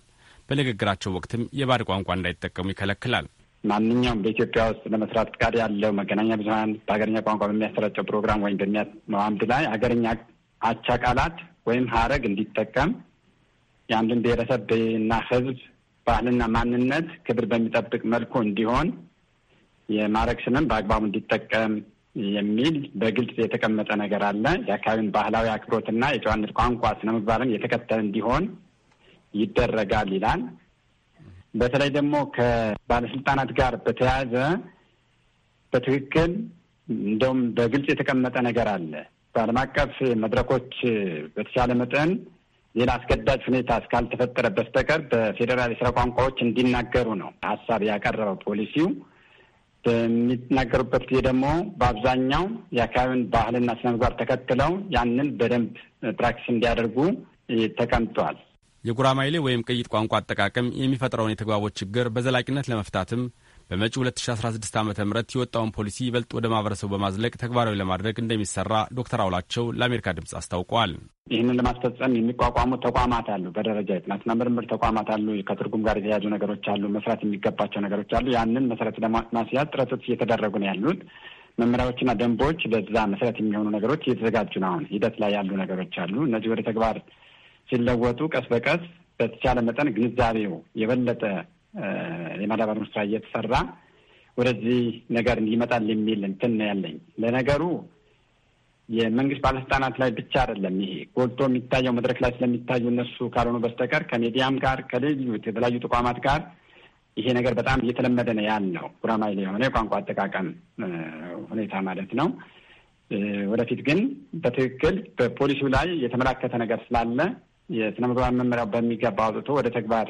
S7: በንግግራቸው ወቅትም የባዕድ ቋንቋ እንዳይጠቀሙ ይከለክላል።
S2: ማንኛውም በኢትዮጵያ ውስጥ ለመስራት ፍቃድ ያለው መገናኛ ብዙኃን በሀገርኛ ቋንቋ በሚያሰራጨው ፕሮግራም ወይም በሚያሰማው ላይ ሀገርኛ አቻ ቃላት ወይም ሀረግ እንዲጠቀም የአንድን ብሔረሰብ እና ሕዝብ ባህልና ማንነት ክብር በሚጠብቅ መልኩ እንዲሆን የማድረግ ስምም በአግባቡ እንዲጠቀም የሚል በግልጽ የተቀመጠ ነገር አለ። የአካባቢውን ባህላዊ አክብሮትና የጨዋነት ቋንቋ ስነምግባርም የተከተለ እንዲሆን ይደረጋል ይላል። በተለይ ደግሞ ከባለስልጣናት ጋር በተያያዘ በትክክል እንደውም በግልጽ የተቀመጠ ነገር አለ። በዓለም አቀፍ መድረኮች በተቻለ መጠን ሌላ አስገዳጅ ሁኔታ እስካልተፈጠረ በስተቀር በፌዴራል የስራ ቋንቋዎች እንዲናገሩ ነው ሀሳብ ያቀረበው ፖሊሲው። በሚናገሩበት ጊዜ ደግሞ በአብዛኛው የአካባቢውን ባህልና ስነምግባር ተከትለው ያንን በደንብ ፕራክቲስ እንዲያደርጉ ተቀምጧል።
S7: የጉራማይሌ ወይም ቅይጥ ቋንቋ አጠቃቀም የሚፈጥረውን የተግባቦት ችግር በዘላቂነት ለመፍታትም በመጪ 2016 ዓ ም የወጣውን ፖሊሲ ይበልጥ ወደ ማህበረሰቡ በማዝለቅ ተግባራዊ ለማድረግ እንደሚሰራ ዶክተር አውላቸው ለአሜሪካ ድምፅ አስታውቋል።
S2: ይህንን ለማስፈጸም የሚቋቋሙ ተቋማት አሉ። በደረጃ የጥናትና ምርምር ተቋማት አሉ። ከትርጉም ጋር የተያዙ ነገሮች አሉ። መስራት የሚገባቸው ነገሮች አሉ። ያንን መሰረት ለማስያዝ ጥረቶች እየተደረጉ ነው ያሉት። መመሪያዎችና ደንቦች ለዛ መሰረት የሚሆኑ ነገሮች እየተዘጋጁ ነው። አሁን ሂደት ላይ ያሉ ነገሮች አሉ። እነዚህ ወደ ተግባር ሲለወጡ ቀስ በቀስ በተቻለ መጠን ግንዛቤው የበለጠ የማዳበር ስራ እየተሰራ ወደዚህ ነገር እንዲመጣል የሚል እንትን ያለኝ። ለነገሩ የመንግስት ባለስልጣናት ላይ ብቻ አይደለም ይሄ ጎልቶ የሚታየው መድረክ ላይ ስለሚታዩ እነሱ ካልሆኑ በስተቀር ከሚዲያም ጋር ከልዩ የተለያዩ ተቋማት ጋር ይሄ ነገር በጣም እየተለመደ ነው ያለው ጉራማይሌ የሆነ የቋንቋ አጠቃቀም ሁኔታ ማለት ነው። ወደፊት ግን በትክክል በፖሊሲው ላይ የተመላከተ ነገር ስላለ የስነ ምግባር መመሪያው በሚገባ አውጥቶ ወደ ተግባር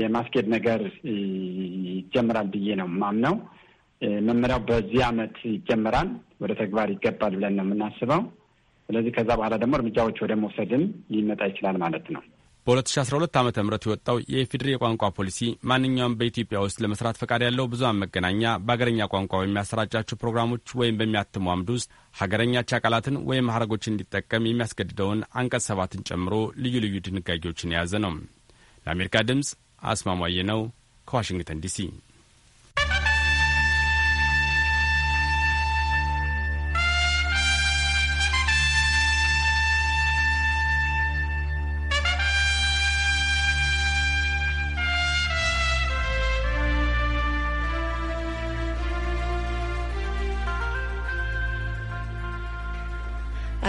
S2: የማስኬድ ነገር ይጀምራል ብዬ ነው ማምነው። መመሪያው በዚህ አመት ይጀምራል፣ ወደ ተግባር ይገባል ብለን ነው የምናስበው። ስለዚህ ከዛ በኋላ ደግሞ እርምጃዎች ወደ መውሰድም ሊመጣ ይችላል ማለት ነው።
S7: በ2012 ዓ ም የወጣው የኢፌዴሪ የቋንቋ ፖሊሲ ማንኛውም በኢትዮጵያ ውስጥ ለመስራት ፈቃድ ያለው ብዙሃን መገናኛ በሀገረኛ ቋንቋ በሚያሰራጫቸው ፕሮግራሞች ወይም በሚያትሙ አምድ ውስጥ ሀገረኛ አቻ ቃላትን ወይም ሀረጎችን እንዲጠቀም የሚያስገድደውን አንቀጽ ሰባትን ጨምሮ ልዩ ልዩ ድንጋጌዎችን የያዘ ነው። ለአሜሪካ ድምፅ አስማማየ ነው ከዋሽንግተን ዲሲ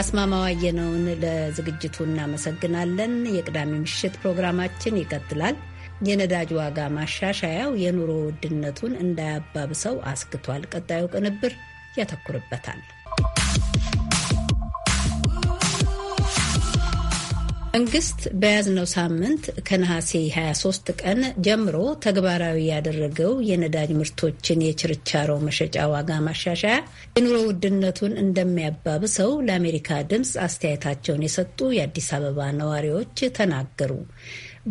S1: አስማማዋየ ነውን ለዝግጅቱ እናመሰግናለን። የቅዳሜ ምሽት ፕሮግራማችን ይቀጥላል። የነዳጅ ዋጋ ማሻሻያው የኑሮ ውድነቱን እንዳያባብሰው አስግቷል። ቀጣዩ ቅንብር ያተኩርበታል። መንግስት በያዝነው ሳምንት ከነሐሴ 23 ቀን ጀምሮ ተግባራዊ ያደረገው የነዳጅ ምርቶችን የችርቻሮ መሸጫ ዋጋ ማሻሻያ የኑሮ ውድነቱን እንደሚያባብሰው ለአሜሪካ ድምፅ አስተያየታቸውን የሰጡ የአዲስ አበባ ነዋሪዎች ተናገሩ።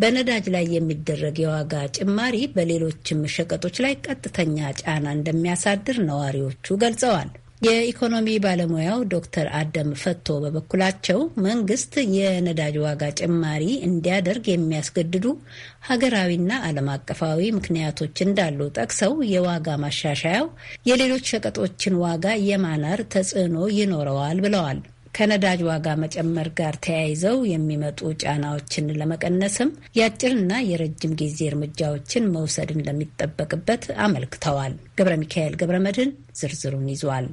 S1: በነዳጅ ላይ የሚደረግ የዋጋ ጭማሪ በሌሎችም ሸቀጦች ላይ ቀጥተኛ ጫና እንደሚያሳድር ነዋሪዎቹ ገልጸዋል። የኢኮኖሚ ባለሙያው ዶክተር አደም ፈቶ በበኩላቸው መንግስት የነዳጅ ዋጋ ጭማሪ እንዲያደርግ የሚያስገድዱ ሀገራዊና ዓለም አቀፋዊ ምክንያቶች እንዳሉ ጠቅሰው የዋጋ ማሻሻያው የሌሎች ሸቀጦችን ዋጋ የማናር ተጽዕኖ ይኖረዋል ብለዋል። ከነዳጅ ዋጋ መጨመር ጋር ተያይዘው የሚመጡ ጫናዎችን ለመቀነስም የአጭርና የረጅም ጊዜ እርምጃዎችን መውሰድ እንደሚጠበቅበት አመልክተዋል። ገብረ ሚካኤል ገብረ መድህን ዝርዝሩን ይዟል።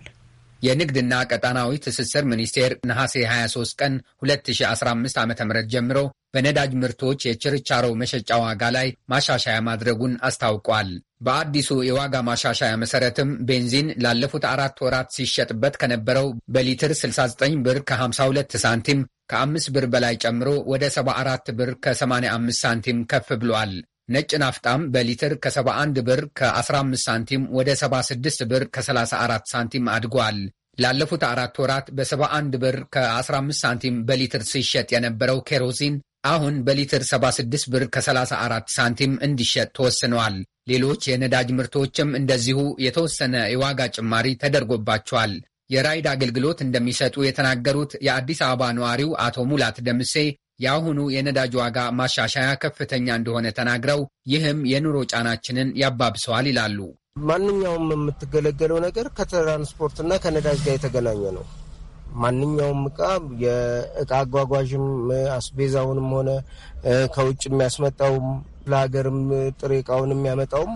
S10: የንግድና ቀጣናዊ ትስስር ሚኒስቴር ነሐሴ 23 ቀን 2015 ዓ ም ጀምሮ በነዳጅ ምርቶች የችርቻሮ መሸጫ ዋጋ ላይ ማሻሻያ ማድረጉን አስታውቋል። በአዲሱ የዋጋ ማሻሻያ መሰረትም ቤንዚን ላለፉት አራት ወራት ሲሸጥበት ከነበረው በሊትር 69 ብር ከ52 ሳንቲም ከ5 ብር በላይ ጨምሮ ወደ 74 ብር ከ85 ሳንቲም ከፍ ብሏል። ነጭ ናፍጣም በሊትር ከ71 ብር ከ15 ሳንቲም ወደ 76 ብር ከ34 ሳንቲም አድጓል። ላለፉት አራት ወራት በ71 ብር ከ15 ሳንቲም በሊትር ሲሸጥ የነበረው ኬሮዚን አሁን በሊትር 76 ብር ከ34 ሳንቲም እንዲሸጥ ተወስነዋል። ሌሎች የነዳጅ ምርቶችም እንደዚሁ የተወሰነ የዋጋ ጭማሪ ተደርጎባቸዋል። የራይድ አገልግሎት እንደሚሰጡ የተናገሩት የአዲስ አበባ ነዋሪው አቶ ሙላት ደምሴ የአሁኑ የነዳጅ ዋጋ ማሻሻያ ከፍተኛ እንደሆነ ተናግረው ይህም የኑሮ ጫናችንን ያባብሰዋል ይላሉ።
S11: ማንኛውም የምትገለገለው ነገር ከትራንስፖርትና ከነዳጅ ጋር የተገናኘ ነው። ማንኛውም እቃ የእቃ አጓጓዥም አስቤዛውንም ሆነ ከውጭ የሚያስመጣውም ለሀገርም ጥሬ እቃውን የሚያመጣውም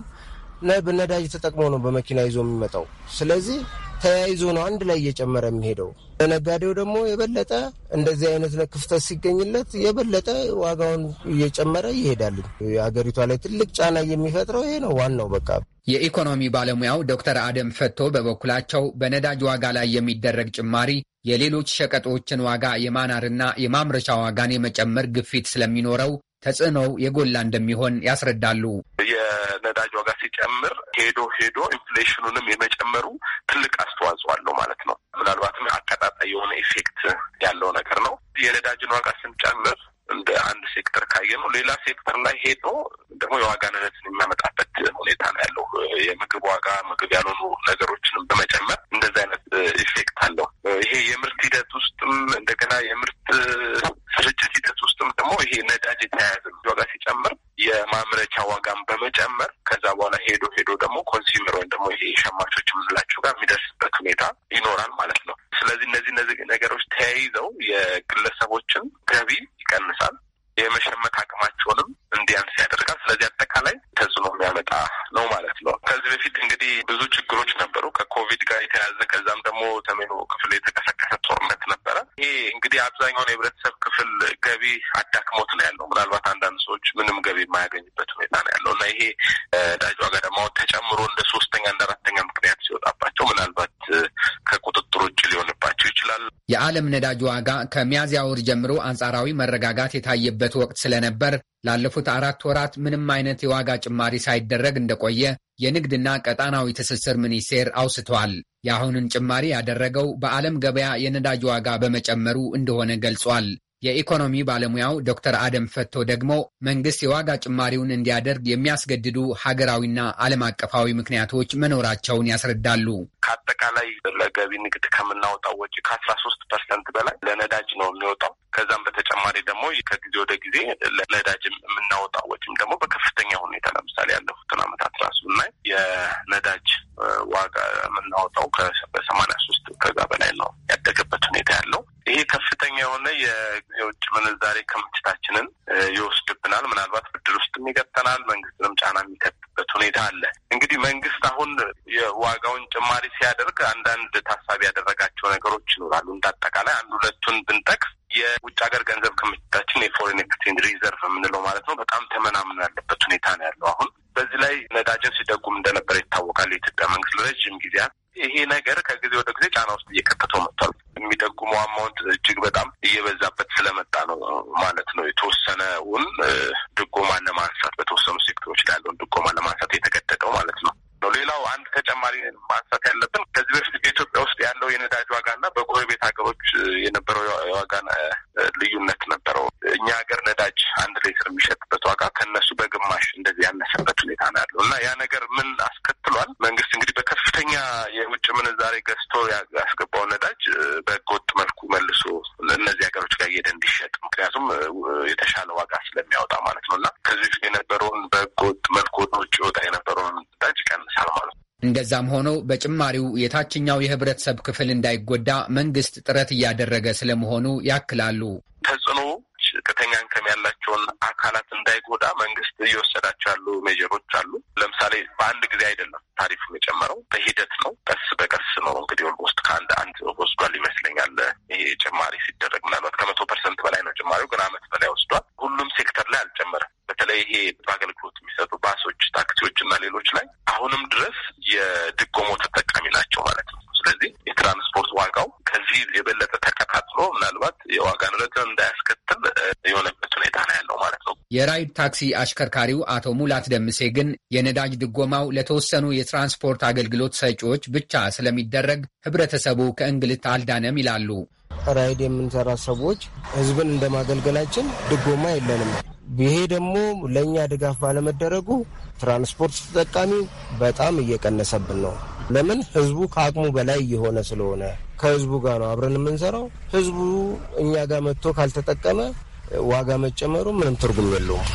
S11: በነዳጅ ተጠቅሞ ነው በመኪና ይዞ የሚመጣው። ስለዚህ ተያይዞ ነው አንድ ላይ እየጨመረ የሚሄደው። ለነጋዴው ደግሞ የበለጠ እንደዚህ አይነት ለክፍተት ሲገኝለት የበለጠ ዋጋውን
S10: እየጨመረ ይሄዳል። አገሪቷ ላይ ትልቅ ጫና የሚፈጥረው ይሄ ነው ዋናው በቃ። የኢኮኖሚ ባለሙያው ዶክተር አደም ፈቶ በበኩላቸው በነዳጅ ዋጋ ላይ የሚደረግ ጭማሪ የሌሎች ሸቀጦችን ዋጋ የማናርና የማምረቻ ዋጋን የመጨመር ግፊት ስለሚኖረው ተጽዕኖው የጎላ እንደሚሆን ያስረዳሉ። የነዳጅ
S5: ዋጋ ሲጨምር ሄዶ ሄዶ ኢንፍሌሽኑንም የመጨመሩ ትልቅ አስተዋጽኦ አለው ማለት ነው። ምናልባትም አቀጣጣይ የሆነ ኢፌክት ያለው ነገር ነው። የነዳጅን ዋጋ ስንጨምር እንደ አንድ ሴክተር ካየ ነው። ሌላ ሴክተር ላይ ሄዶ ደግሞ የዋጋ ንረትን የሚያመጣበት ሁኔታ ነው ያለው። የምግብ ዋጋ፣ ምግብ ያልሆኑ ነገሮችንም በመጨመር እንደዚህ አይነት ኢፌክት አለው። ይሄ የምርት ሂደት ውስጥም እንደገና የምርት ስርጭት ሂደት ውስጥም ደግሞ ይሄ ነዳጅ የተያያዘ ዋጋ ሲጨምር የማምረቻ ዋጋም በመጨመር ከዛ በኋላ ሄዶ ሄዶ ደግሞ ኮንሱመር ወይም ደግሞ ይሄ ሸማቾች የምንላቸው ጋር የሚደርስበት ሁኔታ ይኖራል ማለት ነው። ስለዚህ እነዚህ እነዚህ ነገሮች ተያይዘው የግለሰቦችን ገቢ ይቀንሳል፣ የመሸመት አቅማቸውንም እንዲያንስ ያደርጋል። ስለዚህ አጠቃላይ ተጽዕኖ የሚያመጣ ነው ማለት ነው። ከዚህ በፊት እንግዲህ ብዙ ችግሮች ነበሩ ከኮቪድ ጋር የተያያዘ ከዛም ደግሞ ተሜኖ ክፍል የተቀሰቀሰ ጦርነት ነበረ። ይሄ እንግዲህ አብዛኛውን የህብረተሰብ ክፍል ገቢ አዳክሞት ነው ያለው። ምናልባት አንዳንድ ሰዎች ምንም ገቢ የማያገኝበት ሁኔታ ነው ያለው እና ይሄ ነዳጅ ዋጋ ደግሞ ተጨምሮ እንደ ሶስተኛ እንደ አራተኛ ምክንያት ሲወጣባቸው ናቸው። ምናልባት ከቁጥጥር ውጭ ሊሆንባቸው ይችላል።
S10: የዓለም ነዳጅ ዋጋ ከሚያዝያ ወር ጀምሮ አንጻራዊ መረጋጋት የታየበት ወቅት ስለነበር ላለፉት አራት ወራት ምንም አይነት የዋጋ ጭማሪ ሳይደረግ እንደቆየ የንግድና ቀጣናዊ ትስስር ሚኒስቴር አውስቷል። የአሁንን ጭማሪ ያደረገው በዓለም ገበያ የነዳጅ ዋጋ በመጨመሩ እንደሆነ ገልጿል። የኢኮኖሚ ባለሙያው ዶክተር አደም ፈቶ ደግሞ መንግስት የዋጋ ጭማሪውን እንዲያደርግ የሚያስገድዱ ሀገራዊና ዓለም አቀፋዊ ምክንያቶች መኖራቸውን ያስረዳሉ። ከአጠቃላይ
S5: ለገቢ ንግድ ከምናወጣው ወጪ ከአስራ ሶስት ፐርሰንት በላይ ለነዳጅ ነው የሚወጣው። ከዛም በተጨማሪ ደግሞ ከጊዜ ወደ ጊዜ ለነዳጅ የምናወጣው ወጪም ደግሞ በከፍተኛ ሁኔታ ለምሳሌ ያለፉትን ዓመታት ራሱ ብናይ የነዳጅ ዋጋ የምናወጣው በሰማንያ ሶስት ከዛ በላይ ነው ያደገበት ሁኔታ ያለው ይሄ ከፍተኛ የሆነ የውጭ ምንዛሬ ክምችታችንን ይወስድብናል። ምናልባት ብድር ውስጥም ይከተናል። መንግስትንም ጫና የሚከትበት ሁኔታ አለ። እንግዲህ መንግስት አሁን የዋጋውን ጭማሪ ሲያደርግ አንዳንድ ታሳቢ ያደረጋቸው ነገሮች ይኖራሉ። እንዳጠቃላይ አጠቃላይ አንድ ሁለቱን ብንጠቅስ የውጭ ሀገር ገንዘብ ክምችታችን የፎሬን ኤክስቼንጅ ሪዘርቭ የምንለው ማለት ነው በጣም ተመናምኖ ያለበት ሁኔታ ነው ያለው አሁን በዚህ ላይ ነዳጅን ሲደጉም እንደነበረ ይታወቃል። የኢትዮጵያ መንግስት ለረጅም ጊዜያት ይሄ ነገር ከጊዜ ወደ ጊዜ ጫና ውስጥ እየከተተው መጥቷል። የሚጠቁሙ አማውንት እጅግ በጣም እየበዛበት ስለመጣ ነው ማለት ነው። የተወሰነውን ድጎማን ለማንሳት በተወሰኑ ሴክተሮች ላይ ያለውን ድጎማ ለማንሳት የተገደደው ማለት ነው ነው ሌላው አንድ ተጨማሪ ማንሳት ያለብን ከዚህ በፊት በኢትዮጵያ ውስጥ ያለው የነዳጅ ዋጋና በጎረቤት ሀገሮች የነበረው የዋጋ ልዩነት ነበረው። እኛ ሀገር ነዳጅ አንድ ሌትር የሚሸጥበት ዋጋ ከነሱ በግማሽ እንደዚህ ያነሰበት ሁኔታ ነው ያለው እና ያ ነገር ምን አስከትሏል? መንግስት እንግዲህ በከፍተኛ የውጭ ምንዛሬ ገዝቶ ያስገባው ነዳጅ በህገወጥ መልኩ መልሶ እነዚህ ሀገሮች ጋር እየሄደ እንዲሸጥ ምክንያቱም የተሻለ ዋጋ ስለሚያወጣ ማለት ነው እና ከዚህ በፊት የነበረውን በህገወጥ መልኩ ወደ ውጭ ወጣ የነበረውን ነዳጅ ይቀንሳል
S10: ማለት ነው። እንደዛም ሆኖ በጭማሪው የታችኛው የህብረተሰብ ክፍል እንዳይጎዳ መንግስት ጥረት እያደረገ ስለመሆኑ ያክላሉ።
S6: ተጽዕኖ ዝቅተኛ ኢንከም
S5: ያላቸውን አካላት እንዳይጎዳ መንግስት እየወሰዳቸው ያሉ ሜጀሮች አሉ። ለምሳሌ በአንድ ጊዜ አይደለም ታሪፉ የጨመረው፣ በሂደት ነው። ቀስ በቀስ ነው እንግዲህ ኦልሞስት ከአንድ አንድ ወስዷል ይመስል
S10: የራይድ ታክሲ አሽከርካሪው አቶ ሙላት ደምሴ ግን የነዳጅ ድጎማው ለተወሰኑ የትራንስፖርት አገልግሎት ሰጪዎች ብቻ ስለሚደረግ ህብረተሰቡ ከእንግልት አልዳነም ይላሉ።
S11: ራይድ የምንሰራ ሰዎች ህዝብን እንደማገልገላችን ድጎማ የለንም። ይሄ ደግሞ ለእኛ ድጋፍ ባለመደረጉ ትራንስፖርት ተጠቃሚ በጣም እየቀነሰብን ነው። ለምን ህዝቡ ከአቅሙ በላይ እየሆነ ስለሆነ ከህዝቡ ጋር ነው አብረን የምንሰራው። ህዝቡ እኛ ጋር መጥቶ ካልተጠቀመ ዋጋ መጨመሩ ምንም ትርጉም የለውም።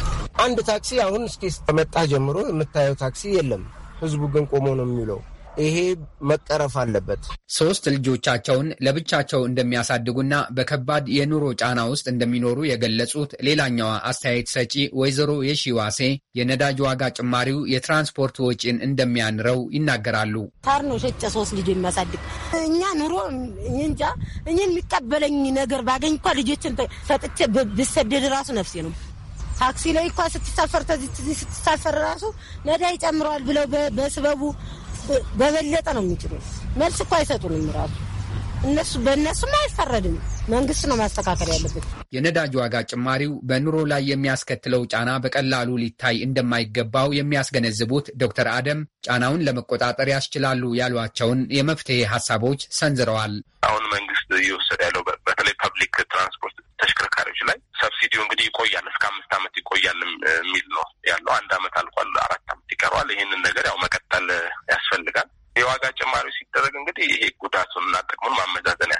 S11: አንድ ታክሲ አሁን እስኪ ከመጣ ጀምሮ የምታየው ታክሲ የለም። ህዝቡ ግን ቆሞ
S10: ነው የሚውለው። ይሄ መቀረፍ አለበት። ሶስት ልጆቻቸውን ለብቻቸው እንደሚያሳድጉና በከባድ የኑሮ ጫና ውስጥ እንደሚኖሩ የገለጹት ሌላኛዋ አስተያየት ሰጪ ወይዘሮ የሺዋሴ የነዳጅ ዋጋ ጭማሪው የትራንስፖርት ወጪን እንደሚያንረው ይናገራሉ።
S1: ታር ነው ሸጨ ሶስት ልጆ የሚያሳድግ እኛ ኑሮ እንጃ እኛን የሚቀበለኝ ነገር ባገኝ እኳ ልጆችን ሰጥቼ ብሰደድ ራሱ ነፍሴ ነው። ታክሲ ላይ እኳ ስትሳፈር ስትሳፈር ራሱ ነዳጅ ጨምረዋል ብለው በስበቡ በበለጠ ነው የሚችሉ። መልስ እኮ አይሰጡንም ራሱ እነሱ በእነሱም አይፈረድም። መንግስት ነው ማስተካከል ያለበት።
S10: የነዳጅ ዋጋ ጭማሪው በኑሮ ላይ የሚያስከትለው ጫና በቀላሉ ሊታይ እንደማይገባው የሚያስገነዝቡት ዶክተር አደም ጫናውን ለመቆጣጠር ያስችላሉ ያሏቸውን የመፍትሄ ሀሳቦች ሰንዝረዋል። አሁን
S5: መንግስት እየወሰደ ያለው በተለይ ፐብሊክ ትራንስፖርት ተሽከርካሪዎች ላይ ሰብሲዲው እንግዲህ ይቆያል እስከ አምስት ዓመት ይቆያል የሚል ነው ያለው። አንድ አመት አልቋል፣ አራት ዓመት ይቀረዋል። ይህንን ነገር ያው መቀጠል ይሄ ጉዳቱንና ጥቅሙን ማመዛዘን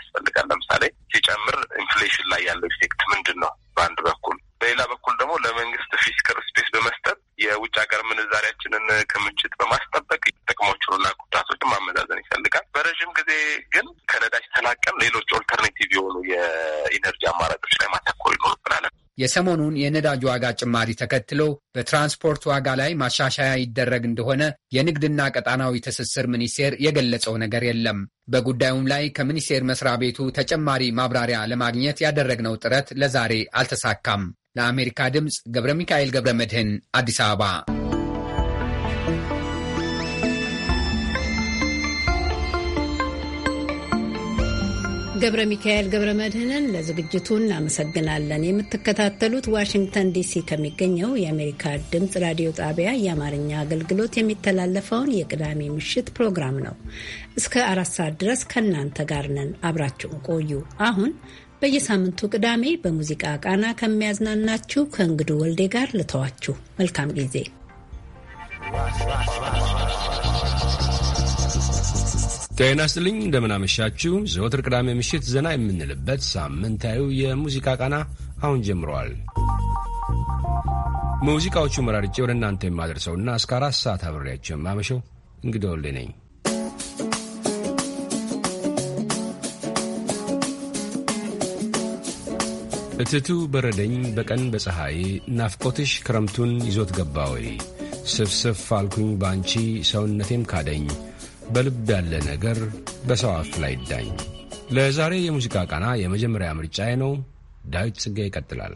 S10: የሰሞኑን የነዳጅ ዋጋ ጭማሪ ተከትሎ በትራንስፖርት ዋጋ ላይ ማሻሻያ ይደረግ እንደሆነ የንግድና ቀጣናዊ ትስስር ሚኒስቴር የገለጸው ነገር የለም። በጉዳዩም ላይ ከሚኒስቴር መስሪያ ቤቱ ተጨማሪ ማብራሪያ ለማግኘት ያደረግነው ጥረት ለዛሬ አልተሳካም። ለአሜሪካ ድምፅ ገብረ ሚካኤል ገብረ መድህን አዲስ አበባ
S1: ገብረ ሚካኤል ገብረ መድህንን ለዝግጅቱ እናመሰግናለን። የምትከታተሉት ዋሽንግተን ዲሲ ከሚገኘው የአሜሪካ ድምፅ ራዲዮ ጣቢያ የአማርኛ አገልግሎት የሚተላለፈውን የቅዳሜ ምሽት ፕሮግራም ነው። እስከ አራት ሰዓት ድረስ ከእናንተ ጋር ነን። አብራችሁን ቆዩ። አሁን በየሳምንቱ ቅዳሜ በሙዚቃ ቃና ከሚያዝናናችሁ ከእንግዱ ወልዴ ጋር ልተዋችሁ። መልካም ጊዜ።
S12: ጤና ስጥልኝ እንደምናመሻችሁ። ዘወትር ቅዳሜ ምሽት ዘና የምንልበት ሳምንታዊ የሙዚቃ ቃና አሁን ጀምረዋል። ሙዚቃዎቹ መራርጬ ወደ እናንተ የማደርሰውና እስከ አራት ሰዓት አብሬያቸው የማመሸው እንግዲህ ወልዴ ነኝ። እትቱ በረደኝ በቀን በፀሐይ ናፍቆትሽ ክረምቱን ይዞት ገባ ወይ ስፍስፍ አልኩኝ ባንቺ ሰውነቴም ካደኝ በልብ ያለ ነገር በሰው አፍ ላይ ይዳኝ። ለዛሬ የሙዚቃ ቃና የመጀመሪያ ምርጫዬ ነው። ዳዊት ጽጌ ይቀጥላል።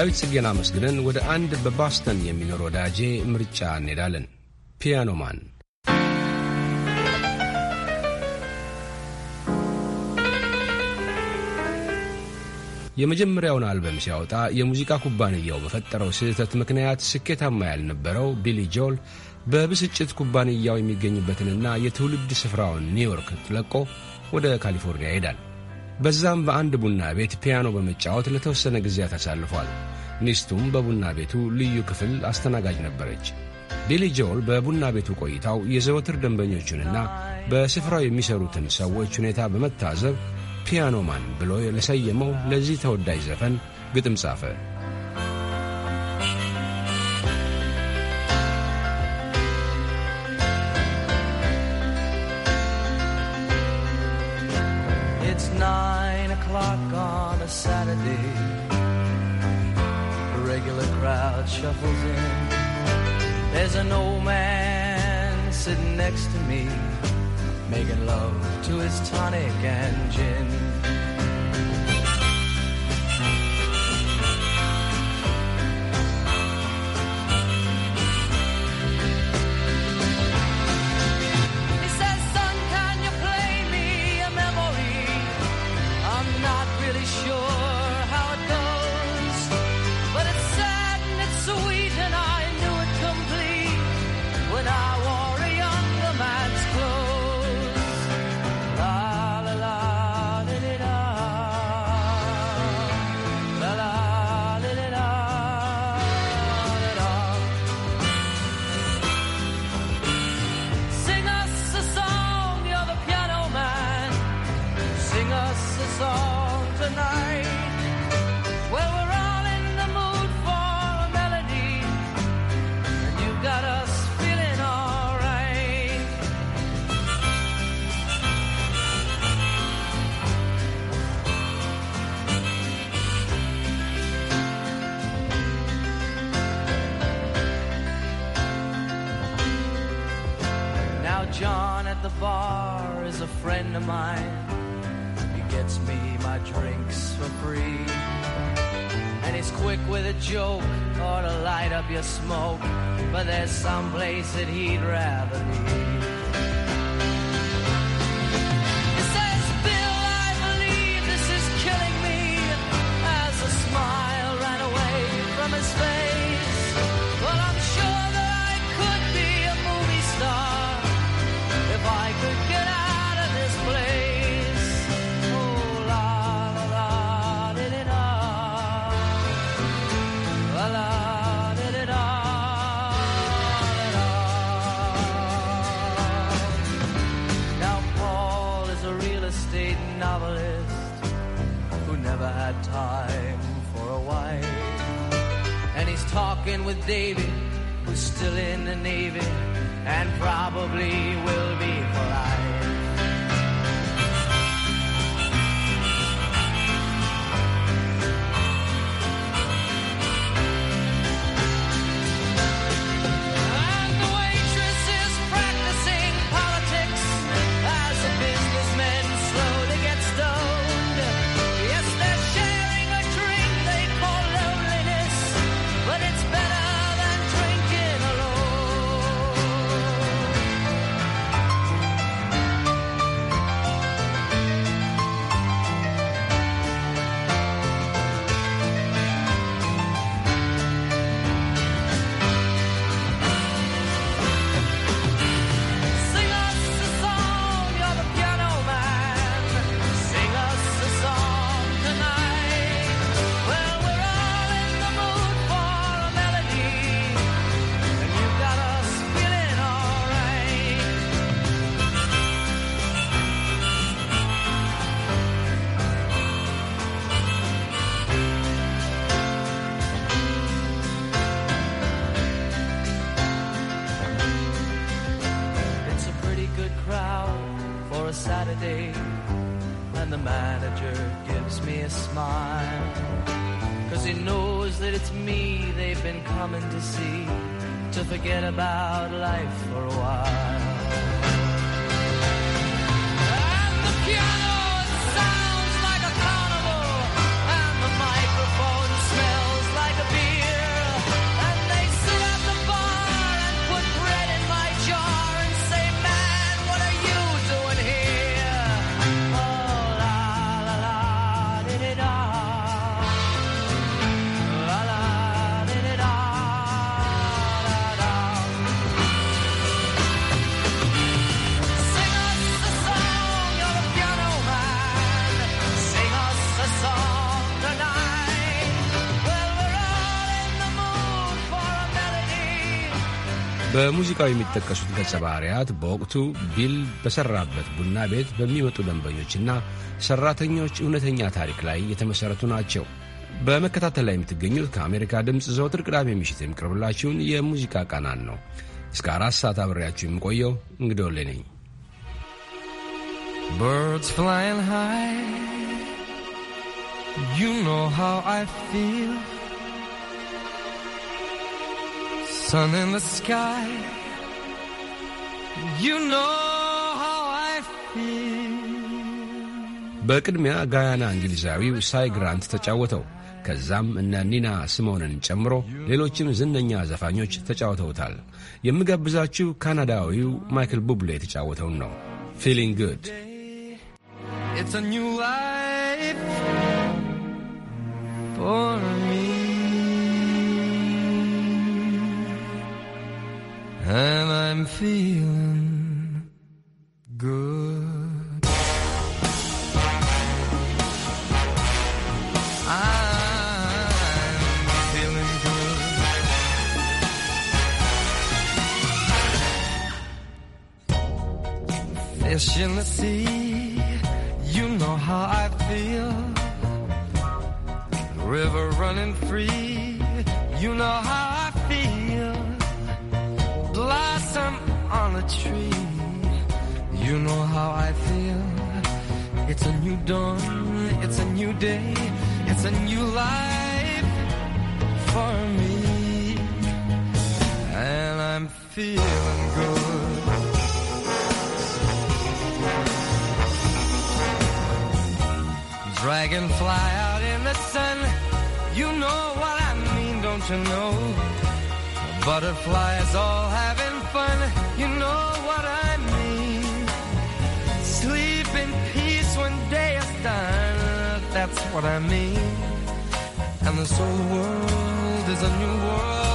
S12: ዳዊት ጽጌን አመስግነን ወደ አንድ በባስተን የሚኖር ወዳጄ ምርጫ እንሄዳለን። ፒያኖማን የመጀመሪያውን አልበም ሲያወጣ የሙዚቃ ኩባንያው በፈጠረው ስህተት ምክንያት ስኬታማ ያልነበረው ቢሊ ጆል በብስጭት ኩባንያው የሚገኝበትንና የትውልድ ስፍራውን ኒውዮርክ ለቆ ወደ ካሊፎርኒያ ይሄዳል። በዛም በአንድ ቡና ቤት ፒያኖ በመጫወት ለተወሰነ ጊዜያት አሳልፏል። ሚስቱም በቡና ቤቱ ልዩ ክፍል አስተናጋጅ ነበረች። ቢሊ ጆል በቡና ቤቱ ቆይታው የዘወትር ደንበኞቹንና በስፍራው የሚሰሩትን ሰዎች ሁኔታ በመታዘብ ፒያኖማን ብሎ ለሰየመው ለዚህ ተወዳጅ ዘፈን ግጥም ጻፈ።
S13: Saturday. A regular crowd shuffles in. There's an old man sitting next to me, making love to his tonic and gin. novelist who never had time for a wife. And he's talking with David, who's still in the Navy and probably will be for life.
S12: በሙዚቃው የሚጠቀሱት ገጸ ባህርያት በወቅቱ ቢል በሠራበት ቡና ቤት በሚመጡ ደንበኞችና ሠራተኞች እውነተኛ ታሪክ ላይ የተመሠረቱ ናቸው። በመከታተል ላይ የምትገኙት ከአሜሪካ ድምፅ ዘወትር ቅዳሜ ምሽት የሚቀርብላችሁን የሙዚቃ ቃናን ነው። እስከ አራት ሰዓት አብሬያችሁ
S14: የምቆየው እንግዲህ ነኝ። Birds flying high, you know how I feel. sun in the sky. You know how I feel.
S12: በቅድሚያ ጋያና እንግሊዛዊው ሳይ ግራንት ተጫወተው። ከዛም እነ ኒና ስሞንን ጨምሮ ሌሎችም ዝነኛ ዘፋኞች ተጫውተውታል። የምጋብዛችሁ ካናዳዊው ማይክል ቡብሌ የተጫወተውን ነው። ፊሊንግ ጉድ
S14: It's a new life for me. and I'm
S2: feeling good. I'm
S14: feeling good. Fish in the sea, you know how I feel. River running free, you know how. blossom on a tree. You know how I feel. It's a new dawn, it's a new day, it's a new life for me. And I'm feeling good. Dragonfly out in the sun, you know what I mean, don't you know? Butterflies all having you know what I mean. Sleep in peace when day is done, that's what I mean. And this old world is a new world.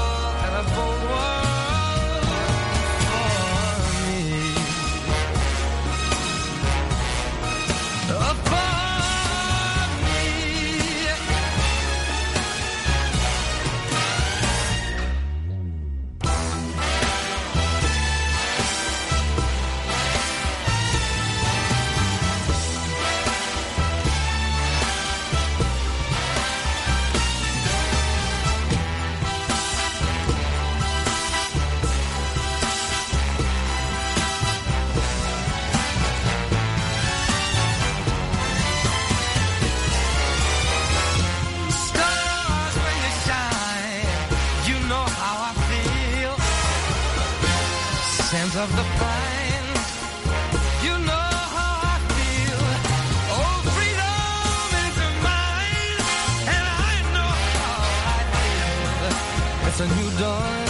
S14: It's a new dawn,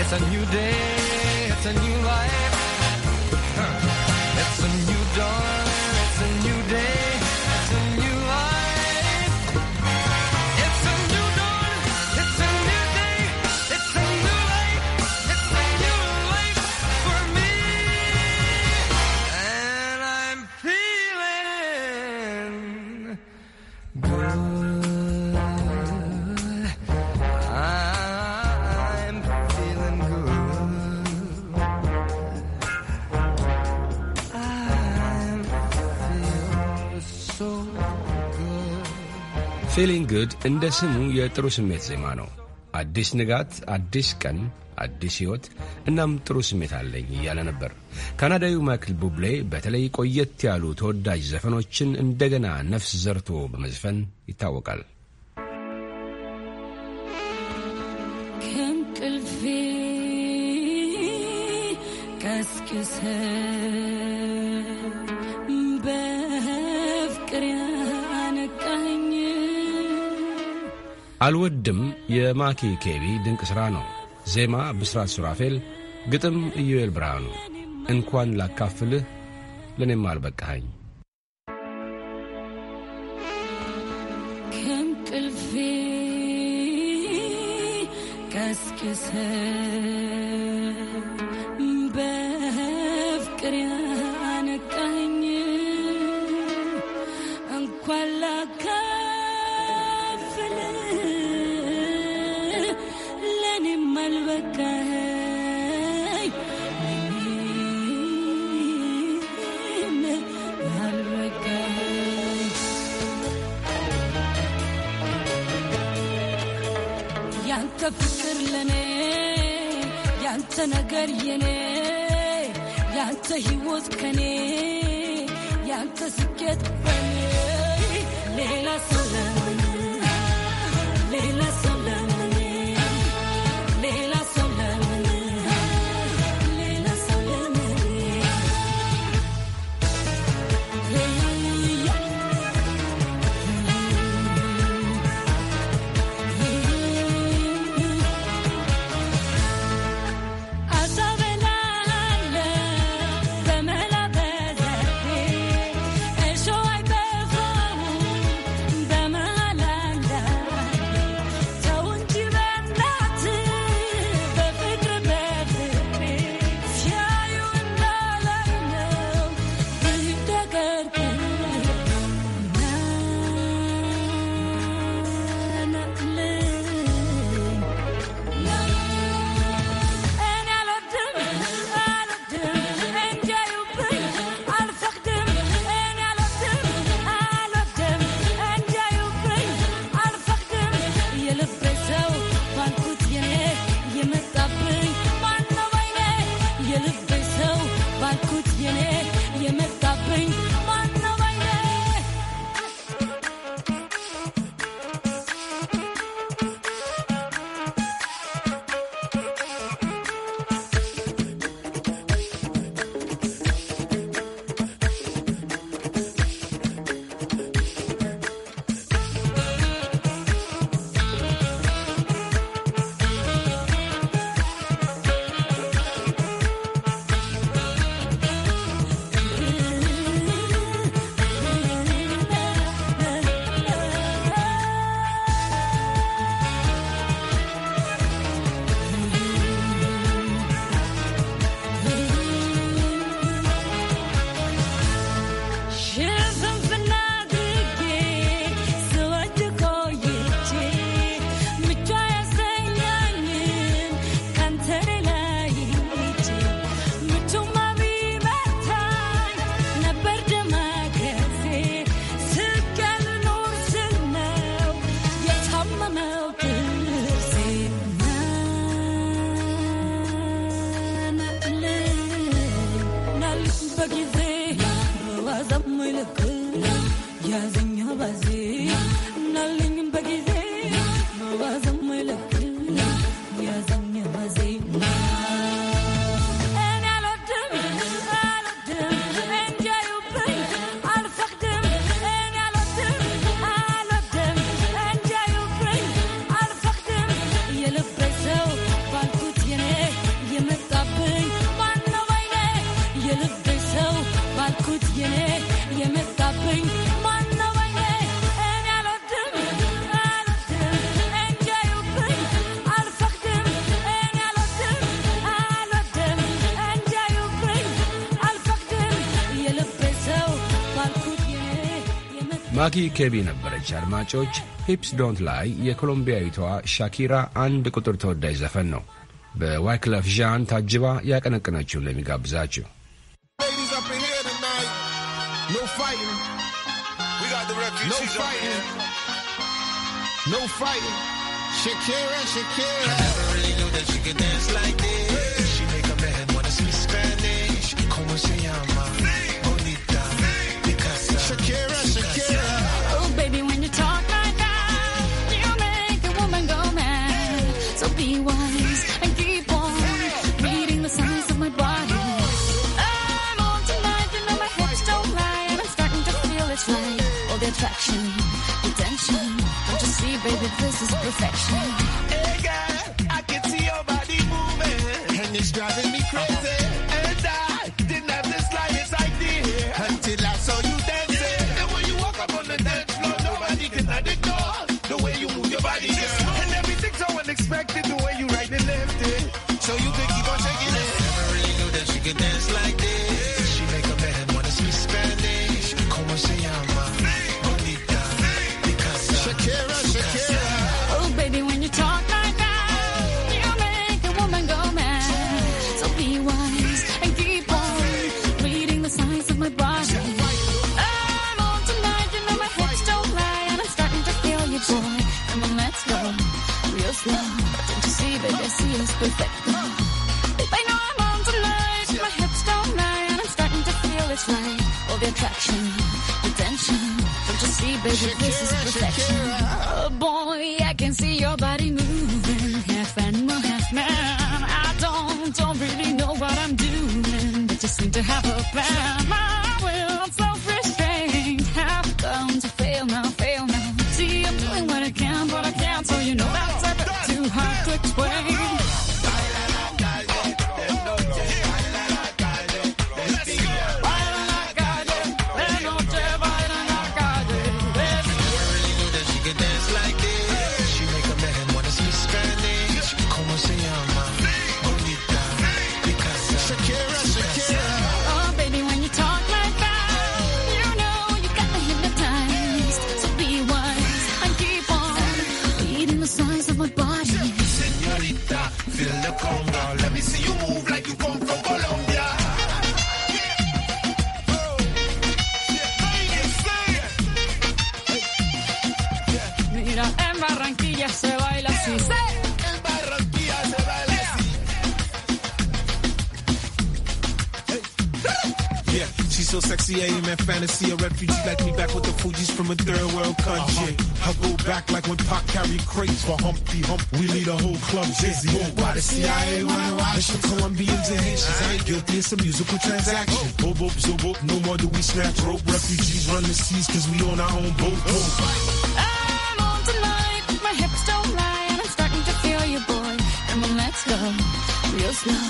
S14: it's a new day, it's a new life. It's a new dawn.
S12: ፊሊንግ ግድ እንደ ስሙ የጥሩ ስሜት ዜማ ነው። አዲስ ንጋት፣ አዲስ ቀን፣ አዲስ ሕይወት እናም ጥሩ ስሜት አለኝ እያለ ነበር። ካናዳዊው ማይክል ቡብሌ በተለይ ቆየት ያሉ ተወዳጅ ዘፈኖችን እንደገና ነፍስ ዘርቶ በመዝፈን ይታወቃል።
S15: ከእንቅልፌ ቀስቅሰ
S12: አልወድም የማኪ ኬቢ ድንቅ ሥራ ነው። ዜማ ብስራት ሱራፌል፣ ግጥም ኢዩኤል ብርሃኑ። እንኳን ላካፍልህ ለእኔም አልበቃኸኝ
S15: ከእንቅልፌ ቀስቅሰ በፍቅር ያነቃኝ እንኳን ፍቅር ለኔ ያንተ ነገር የኔ ያንተ ህይወት ከኔ ያንተ ስኬት በኔ ሌላ ስለ
S12: ባኪ ኬቢ ነበረች። አድማጮች ሂፕስ ዶንት ላይ የኮሎምቢያዊቷ ሻኪራ አንድ ቁጥር ተወዳጅ ዘፈን ነው። በዋይክለፍ ዣን ታጅባ ያቀነቀነችውን ለሚጋብዛችሁ
S15: this is perfection. way.
S5: CIA wanna watch the Colombians and I ain't guilty, it's a musical
S6: transaction. Boop, oh, oh, boop, oh, zo, no more do we snatch rope. Refugees run the seas cause we on our own
S15: boat. boat. I'm on tonight, my hips don't lie, and I'm starting to feel you, boy. Come on, let's go, real slow.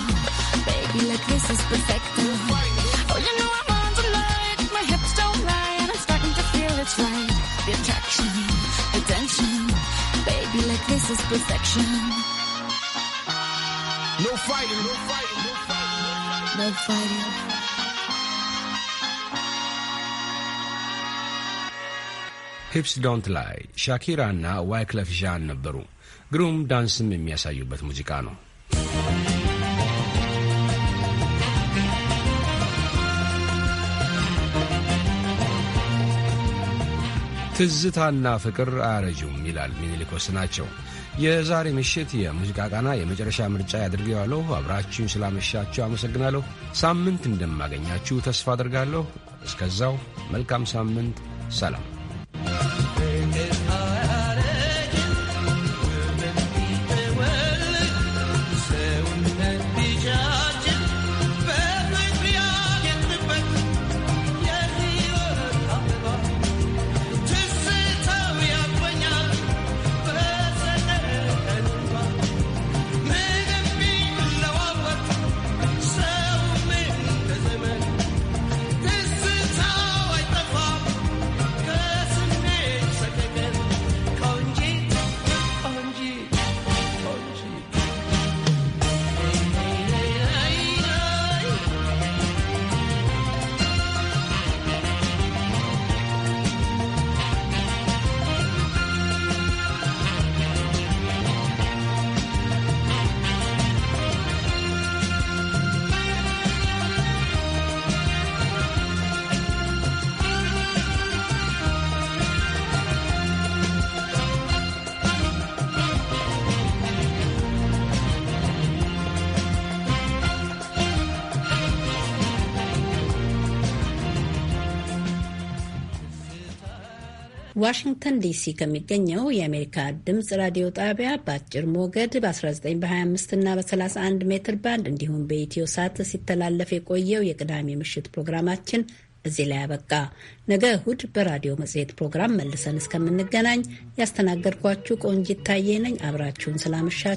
S15: Baby, like this is perfect. Oh, you know I'm on tonight, my hips don't lie, and I'm starting to feel it's right. The attraction, attention, baby, like this is perfection.
S7: fighting, no fighting, no fighting, no fighting. No fighting.
S12: ሂፕስ ዶንት ላይ ሻኪራ እና ዋይክለፍ ዣን ነበሩ። ግሩም ዳንስም የሚያሳዩበት ሙዚቃ ነው። ትዝታና ፍቅር አያረጁም ይላል ሚኒሊኮስ ናቸው። የዛሬ ምሽት የሙዚቃ ቃና የመጨረሻ ምርጫ ያድርገዋለሁ። አብራችሁን ስላመሻችሁ አመሰግናለሁ። ሳምንት እንደማገኛችሁ ተስፋ አድርጋለሁ። እስከዛው መልካም ሳምንት፣ ሰላም።
S1: ዋሽንግተን ዲሲ ከሚገኘው የአሜሪካ ድምፅ ራዲዮ ጣቢያ በአጭር ሞገድ በ19 በ25 እና በ31 ሜትር ባንድ እንዲሁም በኢትዮ ሳት ሲተላለፍ የቆየው የቅዳሜ ምሽት ፕሮግራማችን እዚህ ላይ አበቃ ነገ እሁድ በራዲዮ መጽሔት ፕሮግራም መልሰን እስከምንገናኝ ያስተናገድኳችሁ ቆንጂት ታዬ ነኝ። አብራችሁን ስላመሻችሁ